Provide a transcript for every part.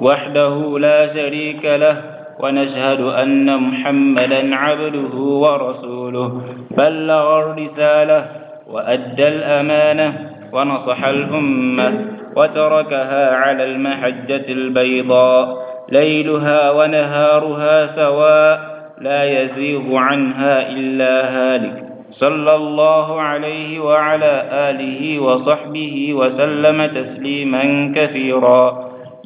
وحده لا شريك له ونشهد أن محمدا عبده ورسوله بلغ الرسالة وأدى الأمانة ونصح الأمة وتركها على المحجة البيضاء ليلها ونهارها سواء لا يزيغ عنها إلا هالك صلى الله عليه وعلى آله وصحبه وسلم تسليما كثيرا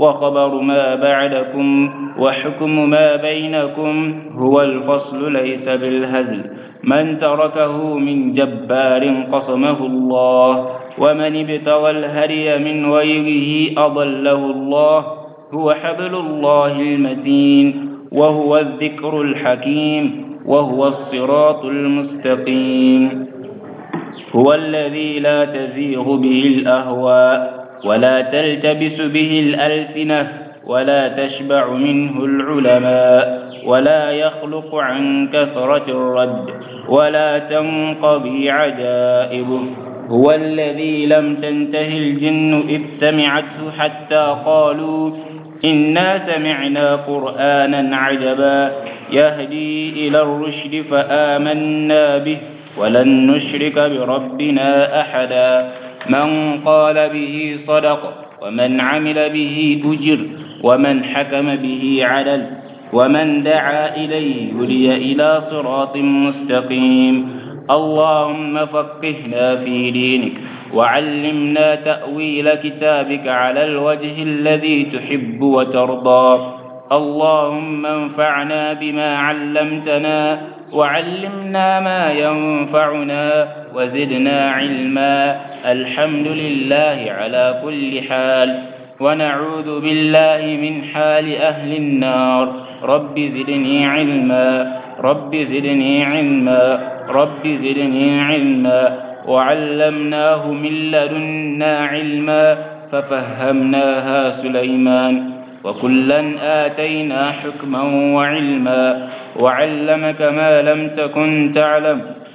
وخبر ما بعدكم وحكم ما بينكم هو الفصل ليس بالهزل من تركه من جبار قصمه الله ومن ابتغى الهري من غيره أضله الله هو حبل الله المتين وهو الذكر الحكيم وهو الصراط المستقيم هو الذي لا تزيغ به الأهواء ولا تلتبس به الألسنة ولا تشبع منه العلماء ولا يخلق عن كثرة الرد ولا تنقضي عجائبه هو الذي لم تنته الجن إذ سمعته حتى قالوا إنا سمعنا قرآنا عجبا يهدي إلى الرشد فآمنا به ولن نشرك بربنا أحدا من قال به صدق ومن عمل به أجر ومن حكم به عدل ومن دعا إليه هدي إلى صراط مستقيم اللهم فقهنا في دينك وعلمنا تأويل كتابك على الوجه الذي تحب وترضى اللهم انفعنا بما علمتنا وعلمنا ما ينفعنا وزدنا علما الحمد لله على كل حال ونعوذ بالله من حال أهل النار رب زدني علما رب زدني علما رب زدني علما وعلمناه من لدنا علما ففهمناها سليمان وكلا آتينا حكما وعلما وعلمك ما لم تكن تعلم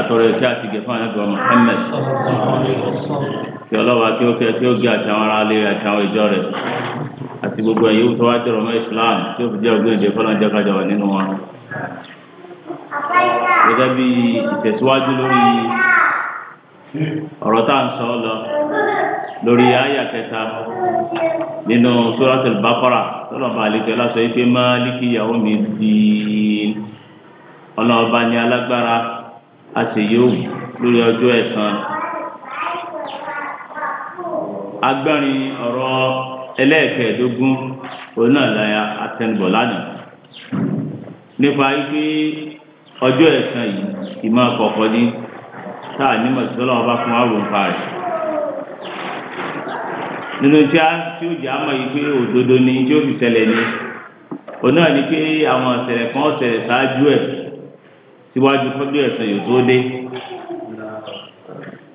atọ̀rọ̀ ìfẹ́ àti gẹ̀fà nípa Muhammad kí ọlọ́wà kí ó kẹ́ kí ó gé àti àwọn ará ilé àti àwọn ìjọ rẹ̀ àti gbogbo ẹ̀yẹ tó wá jọ̀rọ̀ mọ́ Islam tí ó fi jẹ́ ògbé ìdè fọlọ́n jẹ́ kájọ wà nínú wọn. gẹ́gẹ́ bí ìtẹ̀síwájú lórí ọ̀rọ̀ tá à ń sọ lọ lórí àyà kẹta nínú Suratul Baqara tọ́lọ́ba àlejò lásọ ife máa líkì ìyàwó mi di ọlọ́ọ̀ba ní alágbára àti yòówù lórí ọjọ́ ẹ̀san. agbárin ọ̀rọ̀ ẹlẹ́ẹ̀kẹ́ẹ̀dógún òun náà la àtẹnubọ̀ lánàá nípa wípé ọjọ́ ẹ̀san yìí ìmọ̀ kọ̀ọ̀kan ní táà nímọ̀ tí ọlọ́run bá fún wa rò ń pa rẹ̀ nínú tí a tí ó jẹ́ àmọ́ yìí pé òdodo ni tí ó fi ṣẹlẹ̀ ni òun náà ni pé àwọn ọ̀sẹ̀rẹ̀ kan ọ̀sẹ̀rẹ̀ ṣáájú ẹ̀ síwájú kọjú ẹ̀sán yóò tó dé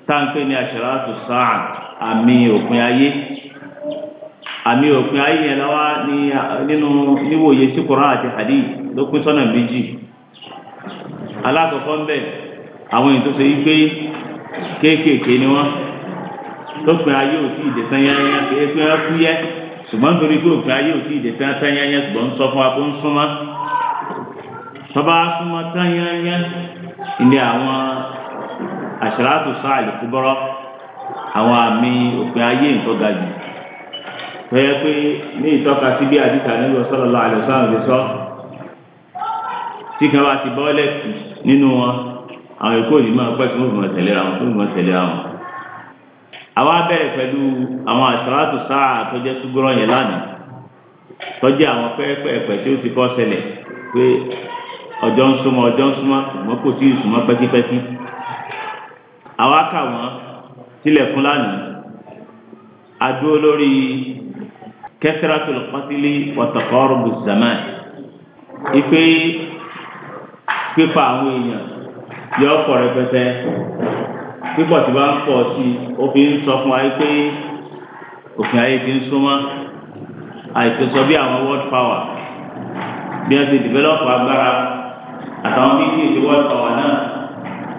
táǹpé ní àṣàràtù sáà àmì òpin ayé àmì òpin ayé yẹn lọ́wọ́ nínú níwòye sí Kùránì àti hadith ló pín sọ́nà méjì alákọ̀ọ́kọ́ ń bẹ̀ àwọn èyí tó ṣe wípé kéékèèké ni wọ́n lópin ayé òtí ìdè sanyanya kéékèèké fúyẹ́ ṣùgbọ́n torí pé òpin ayé òtí ìdè sanyanya ṣùgbọ́n ń sọ fún wa kó ń súnmọ́. tọ́ba súnmọ́ tán àwọn àṣàràtù sáàlì kúbọ́rọ́ àwọn àmì òpin ayé nǹkan ga jù pé ní ìtọ́ka sí bí àdìsá nílò sallallahu tí kan bá ti nínú wọn àwọn èkó yìí máa pẹ́ tí àwọn tó fi àwọn. àwa bẹ̀rẹ̀ pẹ̀lú àwọn àṣàràtù sáà ọjọ́ ń súnmọ́ ọjọ́ ń súnmọ́ ṣùgbọ́n kò tí ì súnmọ́ pẹ́kípẹ́kí àwa kà wọ́n tilẹ̀kùn lánàá adúró lórí kẹsìrátù lọ́kọ́sílẹ̀ wọ̀tọ̀kọ́rọ̀ bùsàmà ìpè pípa àwọn èèyàn yọ pọ̀ rẹpẹtẹ pípọ̀ tí bá ń pọ̀ sí i ó ń sọ fún wa pé òfin ayé ti ń súnmọ́ àìsèso bí àwọn world power bí wọ́n ti develop agbára àtàwọn méjì tí wọ́n tọ̀ wọ́n náà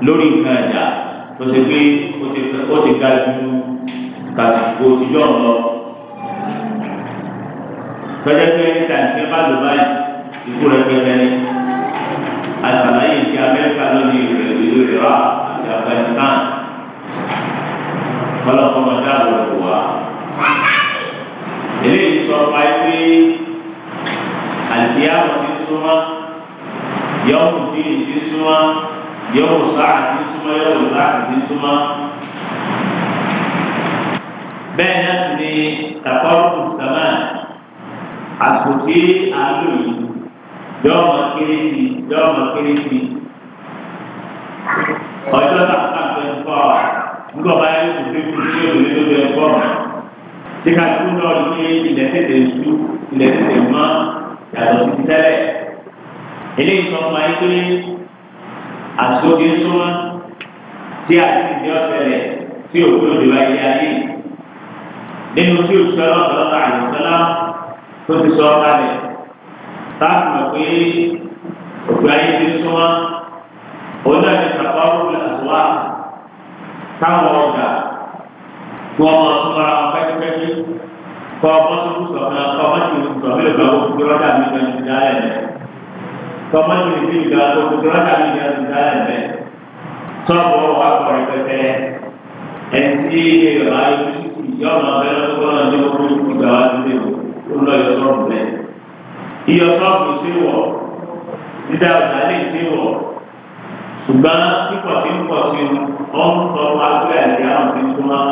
lórí nǹkan ẹ̀dá tó ṣe pé ó ti ga ju kàtàkó tìjọ́ lọ. pẹ́ẹ́dẹ́gbẹ́ níta ìfẹ́ bá lò báyìí ikú rẹ̀ pẹ́ẹ́dẹ́ ní àtàlàyé ti Amẹ́ríkà lónìí rẹ̀ ìlú ìrà àti Afghanistan kọ́lọ́kọ́mọ dáàbò bò wá. eléyìí sọ pa ẹ́ pé àlùfíà wọn ti súnmọ́ yọ̀wù dín sí súnmọ́ yọ̀wù sáà sí súnmọ́ yọ̀wù láà sí súnmọ́. bẹ́ẹ̀ náà sì ni tàkọ́rù sàmà àsìkò tí a lò yìí yọ̀ọ̀mọ̀ kéré sí yọ̀ọ̀mọ̀ kéré sí ọjọ́ náà kà fẹ́ fọ́ ọ nígbà bá yẹ kó fífi sí òní tó fẹ́ fọ́ ọ tí ká tún lọ́ọ̀dún ní ilẹ̀ tètè sú ilẹ̀ tètè mọ́ yàtọ̀ sí tẹ́lẹ̀ eléyìí sọ fún ayé pé àtúntò súnmọ́ tí a ti di ọ̀sẹ̀lẹ̀ tí òkú ló dé bá ilé ayé nínú tí o sọ lọ́sọ̀lọ́sọ àyùsọ́lá tó ti sọ kalẹ̀ táàbù mọ̀ pé òkú ayé ti súnmọ́ òun náà ti sàkọ́ òkú àtúwà táwọn ọ̀gá kó ọmọ súnmọ́ra wọn pẹ́kípẹ́kí kó ọmọ sókùsọ̀ náà kó ọmọ sókùsọ̀ mélòó kan kó kúrọ́dà mi kan ti dá ẹ̀ lẹ́yìn tọmọ ní ìdí ìgbà òkùnkùn rájà ní ìyá ìdá ẹ̀mẹ́ tọ́pọ̀ wà pọ̀ rẹpẹtẹ ẹtí ìrọ̀lá ìyá ọ̀nà ọ̀bẹ lọ́gbọ́n ní ọkùnrin ìdí ìgbà wà nílé o lọ yọ sọ́ọ̀bù rẹ̀ iyọ̀ sọ́ọ̀bù sí wọ̀ dídá ọ̀dà lè sí wọ̀ ṣùgbọ́n kíkọ̀ sí ń pọ̀ sí ọ ń sọ fún agbé àti àwọn tí ń súnmọ́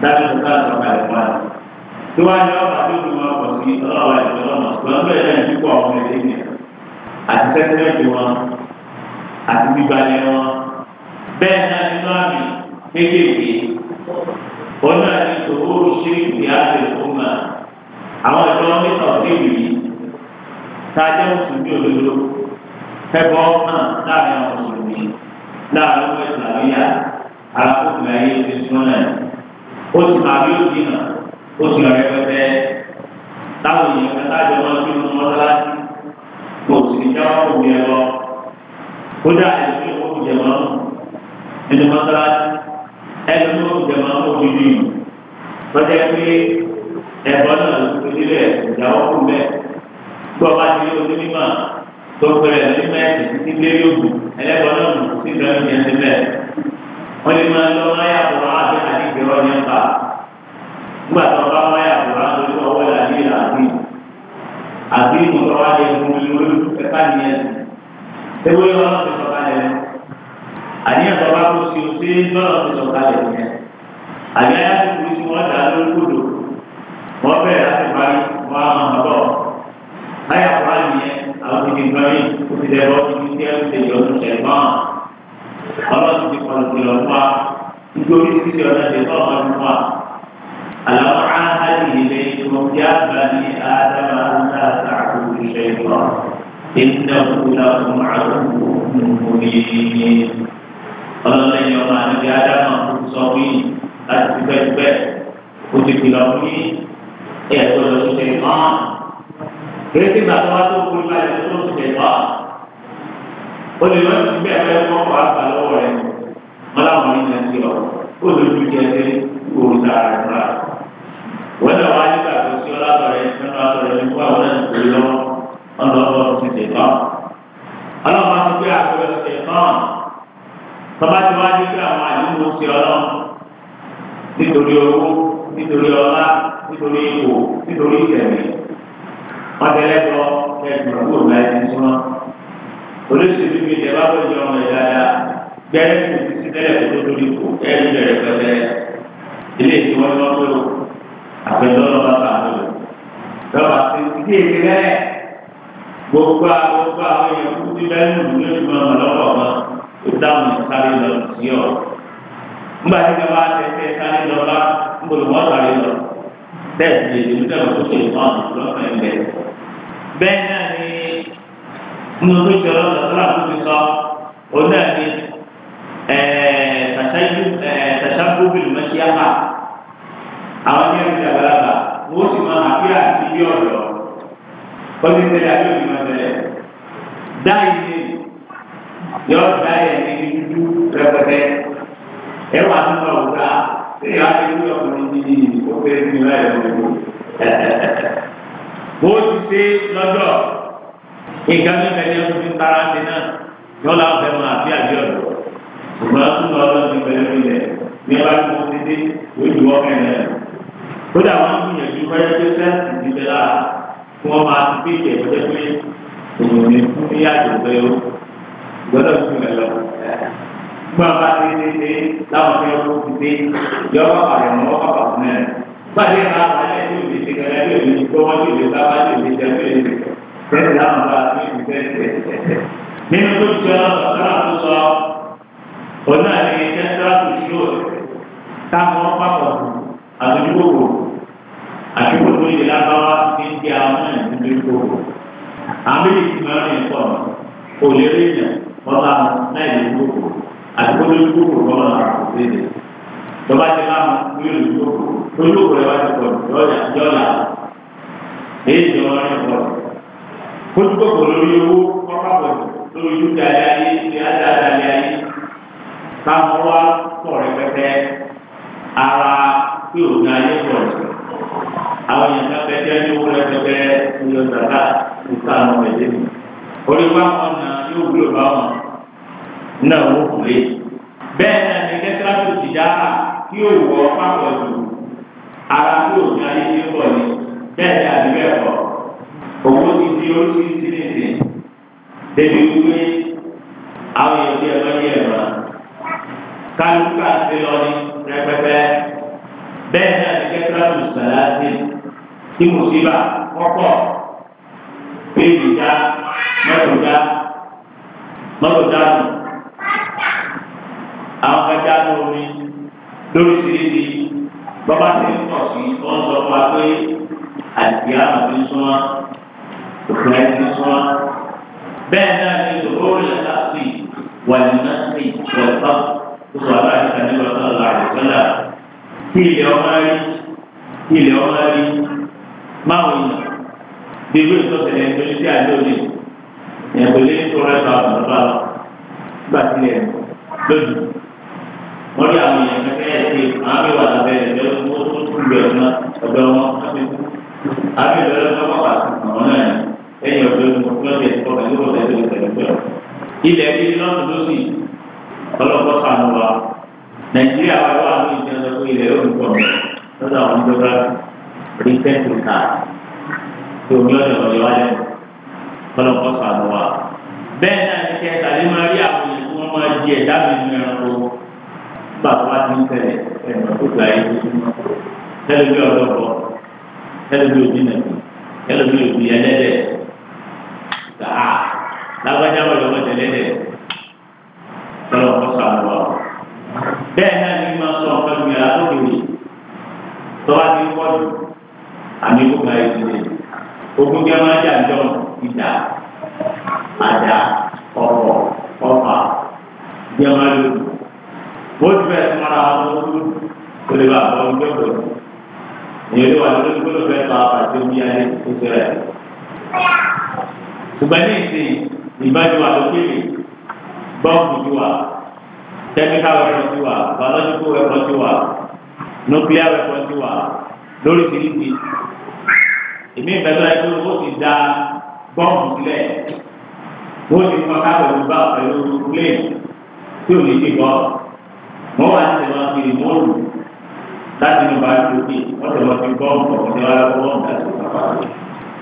dábìlì náà sọ̀rọ̀ àìpá tó dùn ọkọ̀ sí ọlọ́wà ìjọba mọ̀ ṣùgbọ́n bẹ́ẹ̀ náà kíkọ̀ ọ̀hún ẹ̀ àti sẹ́tímẹ́ǹtì wọn àti gbígbalẹ̀ wọn bẹ́ẹ̀ náà nínú àmì kéékèèké wọn náà ní ìṣòro ṣe ìwé àti ìfowópamọ́ àwọn ìjọ mẹ́ta òdìbò yìí tájẹ́ mùsùlùmí òdodo ẹ̀bọ náà láàrin àwọn mùsùlùmí láàrin ọmọ ìsìlámíyà alákòókò ayé ti sún náà ó ti máa bí ó ti hàn ó ti rẹ̀ pẹ́pẹ́ táwọn èèyàn kẹta jọ máa ń bí wọn lọ́la sí sì ní jáwọ́ kò ní ẹ̀rọ kódà ẹ̀sìn ìwọ́n kò jẹ̀mọ́ nínú mọ́sálásí ẹ̀sìn ìwọ́n kò jẹ̀mọ́ kò ní bí lọ́jọ́ pé ẹ̀rọ náà ló ti nílẹ̀ ìjáwọ́ kò mẹ́ gbọ́ bá ti rí ojú mímọ́ tó pẹ̀lẹ́ ní mẹ́ẹ̀sì títí lé yòókù ẹlẹ́gbọ́n náà sì gbẹ́rù yẹn ti mẹ́ẹ̀ wọ́n lè máa lọ máyà wọ́n á bẹ̀rẹ̀ àdìgbẹ́ wọn ní ẹ̀ka nígbà tó bá máyà àti ìmọ̀tọ́wá yẹ fún ìwé ẹ̀ka nìyẹn ewé lọ́nà ti sọ̀ka yẹ lọ àníyàn tó bá kó sí o sí lọ́nà ti sọ̀ka yẹ nìyẹn àní ayé àti kùrú tí wọ́n dà lórí kòdò wọ́n bẹ̀rẹ̀ láti parí wọ́n á máa bọ̀ láyà kúrá nìyẹn àwọn ti di nǹkan yìí ó ti dẹ̀bọ́ ti di tẹ́ ó ti di ọdún tẹ̀ gbọ́n ọlọ́run ti ti lọ fún wa nítorí títí ألم عاهد إليكم يا بني آدم أن لا تعبدوا الشيطان إنه لكم عدو مبين ọlọ́lẹ̀ yìí ọmọ àdìgbé ádámà sọ wí láti fi pẹ́ẹ́pẹ́ kó ti fi lọ wí ẹ̀ẹ́dọ́ lọ sí ṣe mọ́. Kérésì bàbá wa tó kúrú láti tó tó ṣe lọ́wọ́ rẹ̀. Wọ́n ní Nàìjíríà ó lójú jẹ́ sí òrùta rẹ̀ rà wọ́n lọ wáyé gbà tó sí ọlọ́dọ̀rẹ́ nínú ọlọ́dọ̀rẹ́ ní kó àwọn ẹ̀sìn kúrò lọ́wọ́ ọlọ́dọ̀ ti tẹ̀ tán. ọlọ́run ti gbé àpẹẹrẹ ti tẹ̀ tán tọ́ba ti wá ní pé àwọn àdúgbò ti ọlọ́ nítorí owó nítorí ọlá nítorí ipò nítorí ìtẹ̀mí ọ̀tẹ̀lẹ́tọ̀ ẹ̀sìn òkú ọ̀gá ẹ̀sìn súnmọ́ olóṣèlú mi ìjẹba tó jẹ ọmọ ìyá dáa gbẹ́rẹ́ kò sí sílẹ̀ kó tó lórí kò ẹ̀rí bẹ̀rẹ̀ pẹ̀lẹ́ àpẹjọ́nà bá bá lò lọ́wọ́ àti ìdí èdè rẹ̀ gbogbo gbogbo àwọn èèyàn kú ti bẹ́ẹ̀ nù ní oṣù mọ́mọ́ lọ́wọ́ ọmọ tó dáhùn sáré lọ sí ọ. nígbà tí ká bá tẹ̀sẹ̀ sáré lọ bá ń bolo wọ́n sáré lọ bẹ́ẹ̀ sì lè dèbò tẹ̀wọ̀ tó ṣe ìtàn lọ́sàn ẹ̀ bẹ́ẹ̀. bẹ́ẹ̀ náà ni nínú tó ṣe ọlọ́dọ̀ tó rà fún mi sọ òun náà ni tàṣà gbogbo ìlú mẹ́ṣíyá àwọn ní ó sì máa àbí àti ilé ọ̀dọ́ ọdún tẹ́lẹ̀ àti òbí máa tẹ́lẹ̀ dá ilé yọ dá ẹ̀ ní dúdú rẹpẹtẹ ẹ wà nínú ọ̀gá ẹ wà nínú ọkùnrin ní òkè ní láyé ọ̀gbọ̀n bó ti ṣe lọ́jọ́ nǹkan ní bẹ̀rẹ̀ ọdún ní tara ti náà yọ̀ọ́lá ọ̀fẹ́ máa àbí àbí ọ̀dọ́ ṣùgbọ́n tó lọ́ọ́ lọ́ọ́ ti bẹ̀rẹ̀ nílẹ̀ ní ọba tó ti dé ojú ọkẹ́ náà kódà wọn gbìyànjú báyọ̀ pé fẹ́ǹsì ti bẹ lára kí wọ́n máa ti bíi ìjẹ̀bọ́jẹ́ pé òun ní fún ní àjọ̀gbẹ́ o gbọ́dọ̀ fún mi lọ. Gbọ́n bá ti ṣe ṣe láwọn fẹ́ kó ti dé yọ̀wọ́ àrẹ̀ mọ́ ọ̀pá Nínú tó ti sọ ọ̀sán àtúnṣọ, òun náà ẹ̀ṣẹ́ tó táwọn pápọ̀ àtúnṣe òòrùn àti gbogbo ilẹ̀ lábáwá ní ti àwọn ẹ̀mí ní kó amílíkì mẹ́rin pọ̀ òlérí yẹn ọ̀la náà ní gbogbo àti gbogbo ní gbogbo lọ́wọ́ náà kò sí ilẹ̀ lọ́ba ti láwọn ní ìlú gbogbo olóògbé rẹ̀ wá ti pọ̀ yọ̀ọ̀yà yọ̀ọ̀yà èyí ni wọ́n rìn pọ̀ kótó gbogbo lórí owó kọ́kọ́ pọ̀ lórí dúkìá ilé ayé ilé adáadáa ilé ayé táwọn wá sọ̀rọ̀ pẹ́pẹ́ ara tí òun ayé pọ̀ sí àwọn èèyàn kan bẹ jẹ́ yóò wúlò ẹgbẹ́ bẹ́ẹ̀ yóò dàgbà nípa àwọn ẹ̀jẹ̀ mi. orí wa wọn nà yóò wúlò bá wọn náà wọ́n kù lé. bẹ́ẹ̀ náà ní kẹ́kẹ́ láti ti dá a kí yóò wọ pápọ̀ jù ara tó o ga yé yé bọ̀ ni bẹ́ẹ̀ ni àbí bẹ́ẹ̀ kọ́. owó ti di oríṣiríṣi nìsín. débi wípé àwọn èèyàn ti ẹ̀ máa yé kálukú àti lọ́ni rẹpẹpẹ bẹ́ẹ̀ náà ní kẹ́kẹ́rẹ́mù sàlásì tí mo sì bá kọ́kọ́ péjì dá mọ́tò dá mọ́tò dá nù àwọn kájá ní omi lórí síríbi bọ́bá ti ń pọ̀ sí wọ́n sọ pé àti àwọn ti súnmọ́ òkúra ti súnmọ́ bẹ́ẹ̀ náà ní ìṣòro rẹ̀ láti wà ní náà sí ìṣòro sọ aláàbí kan nígbà tó lọ àdìsọ́lá kí ilẹ̀ ọmọ rí kí ilẹ̀ ọmọ rí máwọn yìí bí irú ìtọ́sẹ̀lẹ̀ nítorí sí àjọ ní ìyàtọ̀ lé ní tọ́lá ẹ̀ka àbàbà gbà sílẹ̀ lójú wọ́n rí àwọn èèyàn kẹ́kẹ́ ẹ̀ sí àmì wà lábẹ́ ẹ̀ lọ́wọ́ tó tó tó lu ẹ̀ náà ọ̀dọ́ wọn àmì ìbẹ̀rẹ̀ lọ́wọ́ wà àwọn náà ẹ̀yìn ọ̀dọ́ lọ́sẹ̀ ìfọ̀kànlélọ́sẹ̀ ìfọ̀kànlélọ́sẹ̀ ilẹ̀ ilé lọ́sùn lọ́sì ọlọ́pọ̀ nàìjíríà wà wà ní ìjọba pé ilẹ̀ yóò ń pọ̀ lọ́dọ̀ àwọn ìjọba rìpẹ́tù káàdì tó ní ọ̀dọ̀ ọ̀dọ̀ wà lẹ́nu kọ́lọ́kọ́ sànù wa. bẹ́ẹ̀ náà ní kẹ́ tàbí máa rí àwọn èèyàn tí wọ́n máa di ẹ̀dá mi ní ẹranko bá a wá ní tẹ̀lẹ̀ ẹ̀rọ tó gba ayé tó súnmọ́ tẹ́lẹ̀ bí ọ̀dọ́ bọ̀ tẹ́lẹ̀ bí òbí nàbí tẹ́lẹ̀ bí òbí ẹlẹ́dẹ̀ gbàá lágbájá wọ̀ lọ́wọ́ tẹ̀lẹ́dẹ̀ kọ́lọ́kọ́ sànù wa bẹ́ẹ̀ náà ni máa sọ ọ̀kan mi àlá tó kéwì tọ́wá ti ń pọ̀ jù àmì kò máa yẹ sílẹ̀ ogun jẹ́ máa jà jọ ìdá àdá ọ̀pọ̀ ọ̀pá jẹ́ máa lò bó ti bẹ̀rẹ̀ sí mọ́ra wọn tó kú kó lè bá àwọn ọmọ ìjọba èyí ló wà lórí gbọ́dọ̀ fẹ́ sọ àpàtì omi ayé tó ṣẹlẹ̀ ṣùgbọ́n ní ìsìn ìbájú wà lókè bọ́ọ̀mù ju wà chemical weapon ti wà biological weapon ti wà nuclear weapon ti wà lórí tìrìtì èmi ìbẹ̀rẹ̀ ẹ̀ tó o ti da bọ́ọ̀mù sílẹ̀ o ti fọ́ káàkiri bá pẹ̀lú plane tí o lè ti bọ́ wọ́n wá ti tẹ̀lé ọtí mọ́ọ̀lù láti inú bá ti tóbi wọ́n tẹ̀lé ọtí bọ́ọ̀mù ọ̀pọ̀ ní wàhálà bọ́ọ̀mù láti ìgbà pàdé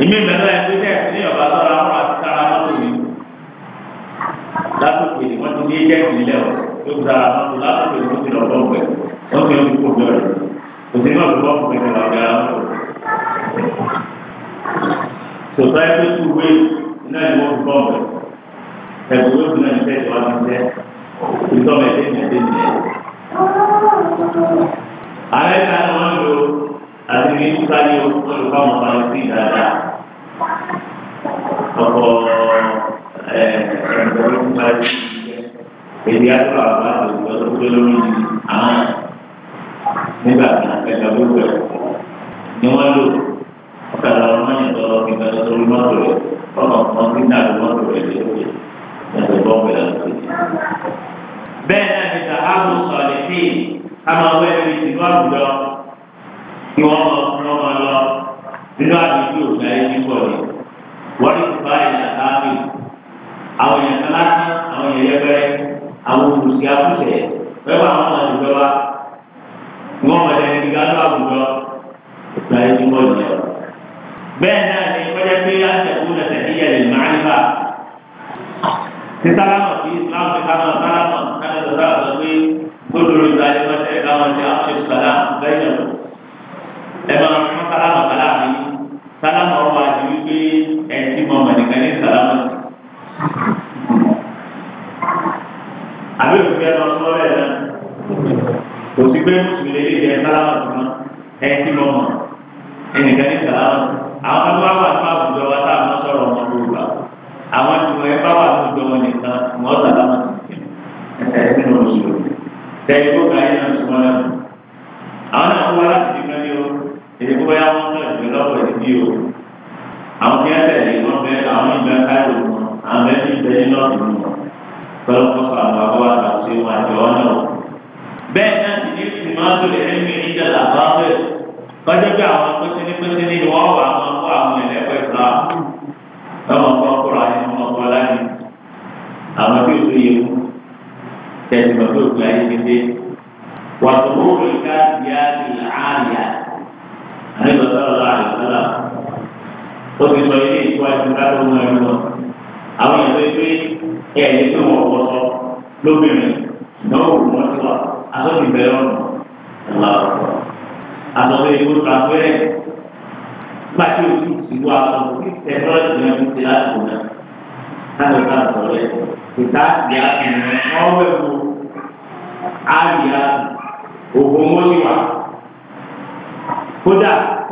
èmi ìbẹ̀rẹ̀ ẹ̀ tó tẹ̀ ní ọ̀bá sọ́ra wọn àti sára mọ́tò yìí lásìkò yìí wọ́n ti ní ẹ̀jẹ̀ ìlẹ̀ ọ̀ tó gba àwọn lásìkò yìí wọ́n ti lọ bọ́ọ̀mù ẹ̀ wọ́n ti lọ́ọ́ kó bẹ́ẹ̀ kò sí náà lọ́ọ́ bọ́ọ̀mù ẹ̀ lọ́ọ́ bẹ́ẹ̀ lọ́ọ́ sọ̀tà ẹgbẹ́ tó wé náà ni wọ́n fi bọ́ọ̀mù ẹ̀ ẹ̀kọ́ yóò fi náà ní tẹ́tí wá ní tẹ́ ìtọ́mọ̀ ẹ̀dẹ́ ní ẹ̀dẹ́ ní ẹ̀. ààrẹ kan wọ́n lo àti ní sáré olùkọ́ ìyá tó àwọn àgbà tó lórí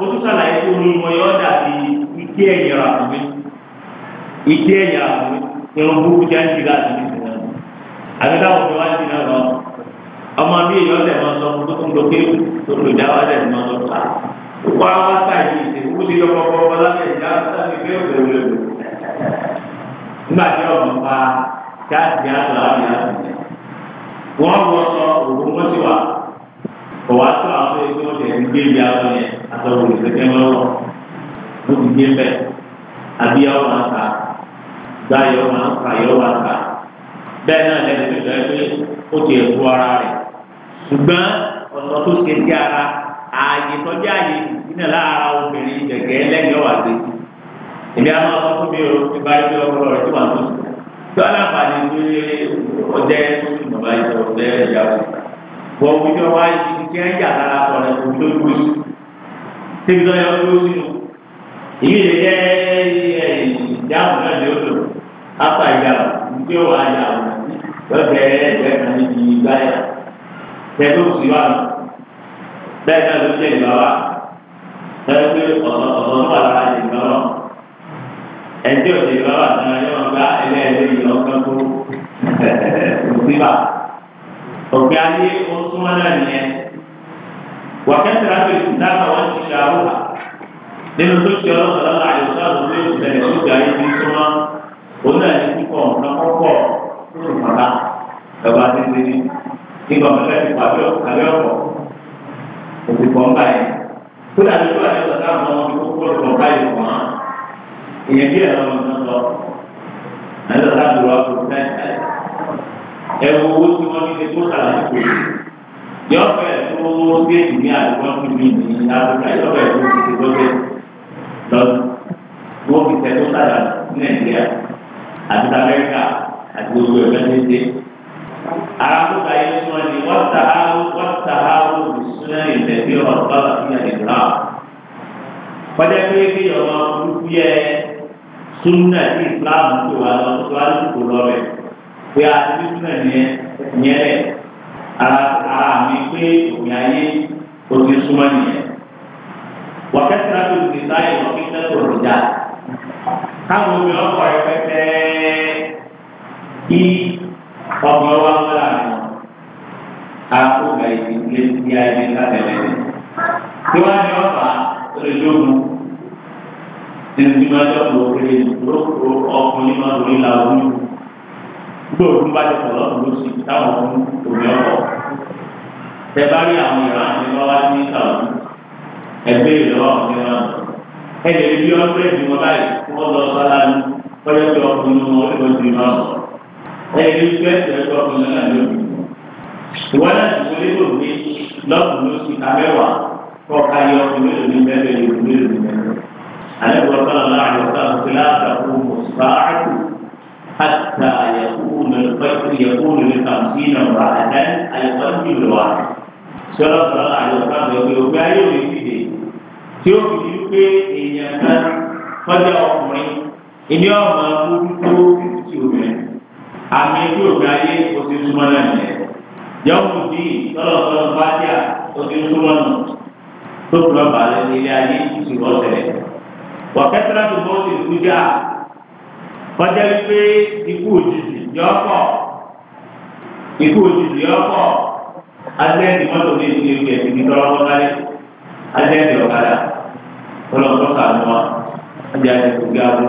ojúṣàlà yìí tó ní wọn yọ dàbí ike ẹ̀yìn ara fún mi ike ẹ̀yìn ara fún mi irun burúkú jẹ́ ń jìlá àti ìdìbò náà àbíká wọn fi wá sí náà lọ ọmọ bí èyí ọ̀dẹ̀ máa sọ fún tó ń lókè tó lò dá wá dẹ̀ máa sọ fún wa ah, wá wá sáà yìí ṣe kó ti lọ́kọ̀ kọ́ ọba lábẹ́ ìjà láti fẹ́ òkèèrè lò nígbà tí ọmọ pa sọ òun mọ́sí kò wá tó àwọn tó yẹ kí wọ́n tẹ̀ ń gbé ìyá wọn yẹn àtọ̀wò ìfẹ́kẹ́ wọn wọ̀ ó ti gbé mbẹ́ àbíyá wọn máa ta gbá yọ máa ń fa yọ máa ta bẹ́ẹ̀ náà lẹ́nu ìgbà yẹn pé ó ti ẹ̀kú ara rẹ̀ ṣùgbọ́n ọ̀nà tó ṣe sí ara ààyè tọ́jú ààyè ìdílé lára obìnrin gẹ̀gẹ́ lẹ́yìn ọ̀wà gbèsè èmi àwọn ọmọ fún mi ò ti bá ilé ọpọlọ rẹ tó wà tó sùn tó aláǹfààní ní ọjọ́ ìmọ̀lá ìjọ ọ̀dẹ́ ìyàwó ìgbà wọ́n mú jọ wá yìí kí wọ́n yà lára sọ rẹ̀ kò tó dúró sí tẹ́bí tó yọ dúró sí èyí lè jẹ́ ìdáhùn náà ni ó lò ápá ìyàwó ìgbé wà yàwó lọ́sẹ̀ ẹgbẹ́ kan níbi ìgbáyà tẹ́lú sí wà lọ bẹ́ẹ̀ náà ló jẹ́ ìgbà wa lọ́sẹ̀ pé ọ̀sán wà lára ìgbà ẹ̀jẹ̀ òsè ìgbà wa náà yọ̀ ọ́ ọ̀gbẹ́ ayé ó súnmọ́ náà nìyẹn wàkẹ́sìrà tó ti dáná wọn ti ṣe àrùbà nínú tó ṣe ọlọ́sọ̀rọ̀ náà àyọ̀sọ́ àwọn ilé ìṣẹ̀lẹ̀ tó ga ayé ti súnmọ́ òun náà ti kíkọ́ lọ́kọ́kọ́ tó rùn mọ́lá ẹ̀wà ti ti ní nígbà mọ́lá ti pa abẹ́ ọ̀pọ̀ òsì pọ̀ ń báyìí tó dàbí tó àyọ̀sọ̀ táwọn ọmọ mi kókó lọ́kọ̀ báyìí wọ́n á ìyẹn bí ẹ̀rọ ẹ̀wọ̀ owó tí wọ́n ti ṣe tó sàlàyé pé yọ̀ọ̀fẹ́ tó géèjì ní àdúgbò tó bí ní Áfíríkà yọ̀ọ̀fẹ́ tó ti ṣe lọ́jọ́ lọ́dún tó fi ṣe tó sàlàyé ní Nàìjíríà àti Amẹ́ríkà àti gbogbo ẹ̀fẹ́ ní ṣe. Arákùnrin ayé sọ ni wọ́n ta áwọ̀ wọ́n ta áwọ̀ ìṣúná ìtẹ̀sí ọ̀tọ́ àti àdìgbà. Kọjá pé kí ọmọ olùkú yẹ súnmọ́ àti ìsìláàmù tó wà lọ́sọ̀rọ̀ àdúgbò lọ́rẹ̀ẹ́ pé a ti tún náà yẹn yẹn lẹ̀ ara ara mi pé òmìnira yé o ti súnmọ́ nìyẹn. wàkẹ́sìrà tó ti sáyé wọ́pẹ́ tẹ́tò rọ̀jà káwọn omi ọkọ̀ ẹ̀pẹ́tẹ́ kí ọmọ wa ń bẹ̀rẹ̀ àná àkókò ìdí ilé tí a yẹ ká tẹ̀lé tí wọ́n ní ọ̀fà olùdókòwò nínú ìgbìmọ̀ ọjọ́ kò kéré ní ọkùnrin máa ń wọlé làwọn olùkọ́ tó o tún bá ti pọ̀ lọ́dún ló sì táwọn fún omi ọkọ̀ tẹ bá rí àwọn ìran àti lọ́wọ́ ní sàwọn ẹgbẹ́ ìlọ́wọ́ àwọn ìran ẹ lè rí ọgbẹ́ ìdìbò báyìí kí wọ́n lọ sọ́lá ní kọ́jọ́ pé ọkùnrin wọn ó lè lọ sí ìran ẹ lè rí bẹ́ẹ̀ tẹ̀ ọkùnrin náà lóbi ìwọ náà ti wọlé lò ní lọ́dún ló sì abẹ́wàá kọ́ ká yọ ọkùnrin lò ní bẹ́ẹ̀ bẹ́ẹ̀ lò ní bẹ́ẹ̀ حتى يكون الفجر يكون لخمسين امرأة الفجر الواحد sọlá sọlá àyọkà bẹ̀rẹ̀ ògbé ayé òye dìde tí ó fi wípé èèyàn kan kọjá ọkùnrin ìní ọmọ mójútó ti obìnrin àmì ẹgbẹ́ ògbé ayé o ti súnmọ́ náà nìyẹn yọmù dì sọlá sọlá bàjá o ti súnmọ́ nù tó kúrò bàálẹ̀ nílé ayé ìṣòro ọ̀sẹ̀ wà kẹsàn-án tó bọ́ sí ìkújà kọjá wípé ikú òjijì yọ̀ọ̀pọ̀ ikú òjijì yọ̀ọ̀pọ̀ azẹ́ẹ̀dì mọ́tò ní ìlú ìlú ẹ̀sìn ní tọ́lọ́ kọ́kálẹ̀ azẹ́ẹ̀dì ọ̀kadà ọlọ́kọ́kà ni wọn ọjà ìdìbò gbé abú.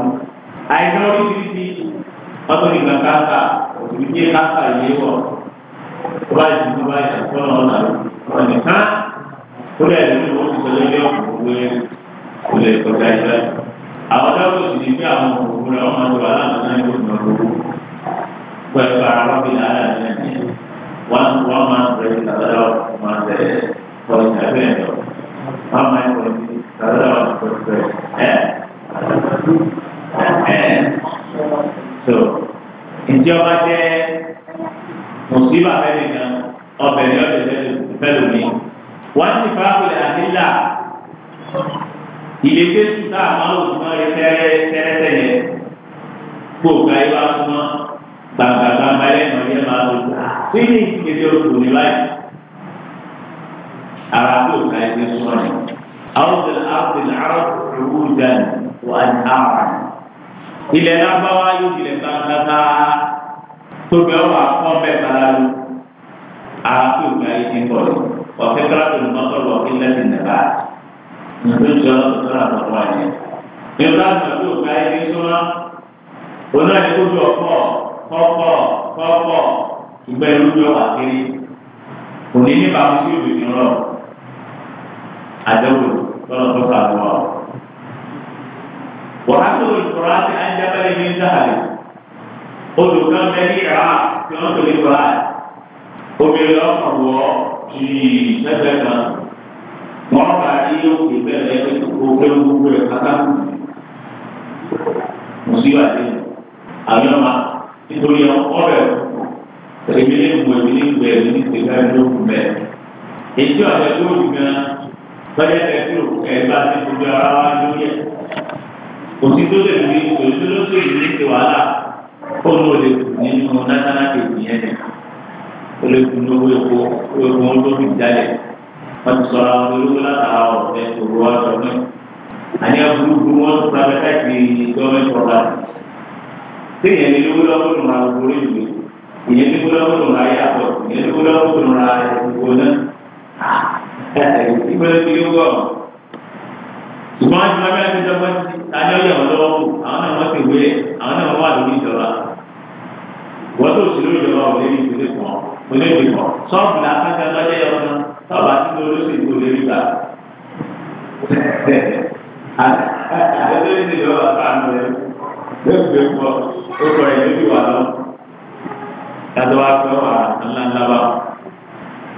àìsàn oríṣiríṣi mọ́tò nìkan káàkà òbí jẹ́ káàkà yìí wọ̀ tó bá yìí tó bá yìí àti tọ́lọ́ ọ̀nà wọn nìkan ó lẹ́yìn ló ń sọ lẹ́yìn ọ̀pọ̀ àwọn dábò sì ní pé àwọn òkúra ọmọ ìwà aláàbò náà yóò nà lówó pẹ̀lú ara wọn bí lára ní ẹni wọn wọn máa ń bẹ̀rẹ̀ sàlọ́dà wọn máa ń bẹ̀rẹ̀ pọ̀lì tàbí ẹ̀dọ̀ wọn máa ń pọ̀lì sàlọ́dà wọn pọ̀lì tàbí ẹ̀ ẹ̀ so ìjọba jẹ́ mùsùlùmí abẹ́rẹ́ kan ọbẹ̀ ní ọ̀dẹ̀ fẹ́lẹ̀ mi wọ́n ti fà á pẹ̀lú àdínlà ilé jésù tá a máa wò fún ẹ tẹ́rẹ́ tẹ́rẹ́tẹ́ yẹn gbòògbà yìí wá fún ọ gbàgbà gbàgbà yẹn mọ̀ yẹn máa wò fún ọ sí ní ìkéde òkú ní báyìí ara gbòògbà yìí ti sún ọ ní. àwọn ọ̀dọ̀ àwọn ará ìwú dání wà ní àwọn ilẹ̀ lábáwá yóò tilẹ̀ gbàgbàgbà tóbi ọwọ́ àkọ́bẹ̀ bàrà ló ara gbòògbà yìí ti bọ̀ ọ̀fẹ́ kíláàsì ló mọ́tò lọ ilẹ̀ ti nà báyìí nítorí ọlọ́run tó rà lọ́wọ́ ayé nígbà tó tó ká ẹni súnmọ́ oná ìkójú ọ̀pọ̀ kọ́pọ̀ kọ́pọ̀ ìgbà ìrújọ wà kiri òní nípa mo sí òbí nírọ̀ àdéhùn tọ́lọ̀ tó fà lọ́wọ́. wàhálà olùkọ́ra ti ajábẹ́rẹ́ ní sáàlì olùkọ́ mẹ́rin ìrà tí wọ́n tó lè kọ́ra obìnrin ọkàn wọ̀ ọ́ kì í sẹ́gbẹ̀ẹ́ kan wọ́n bá ní òkè bẹ̀rẹ̀ òkè gbogbo ẹ̀ pátá kò sí wàdí àmì ọ̀ma nítorí ọ̀rẹ́ èmi lè mú èmi lè gbẹ èmi lè gbẹ èmi lè mú bẹ èyí ọ̀rẹ́ tó yìí gan bẹ́ẹ̀ ẹ̀ tó ẹ̀ bá ti gbogbo ara wa lórí ẹ̀ kò sí tó lè ní kò sí tó lè ní ti wàhálà kó ló lè kù nínú nátánákè yẹn lè kù ní owó epo owó epo wọn tó fi jalè wọ́n ti sọ̀rọ̀ àwọn olówó látara ọ̀fẹ́ òru ọjọ́ mi. àní aburúkú wọn ti pàdé káàkiri gọ́ọ̀mẹ́ntì ọ̀la. téèyàn ní lówó lọ́wọ́ ló ra owó lórí ìwé ìyẹn ní lówó lọ́wọ́ ló ra yàtọ̀ ìyẹn ní lówó lọ́wọ́ ló ra ìwò náà. ìpínlẹ̀ ti lówó ọ̀ ṣùgbọ́n àti bàbá àti ìjọba ti adé ọ̀yà wọn lọ́wọ́ kù àwọn náà wọ́n ti wé àwọn náà wọ́n wà lórí ìjọba wọ́n tó sì lórí ìjọba bàbá tí mo lóṣù kò lè rí gbà. àtẹ̀tẹ̀ ní ìlú bàbá mi rẹ̀ lẹ́gbẹ̀ẹ́ pọ̀ ó kọ ẹ̀ lójú wa lọ. yàtọ̀ wá pé wà ńlá ńlá bá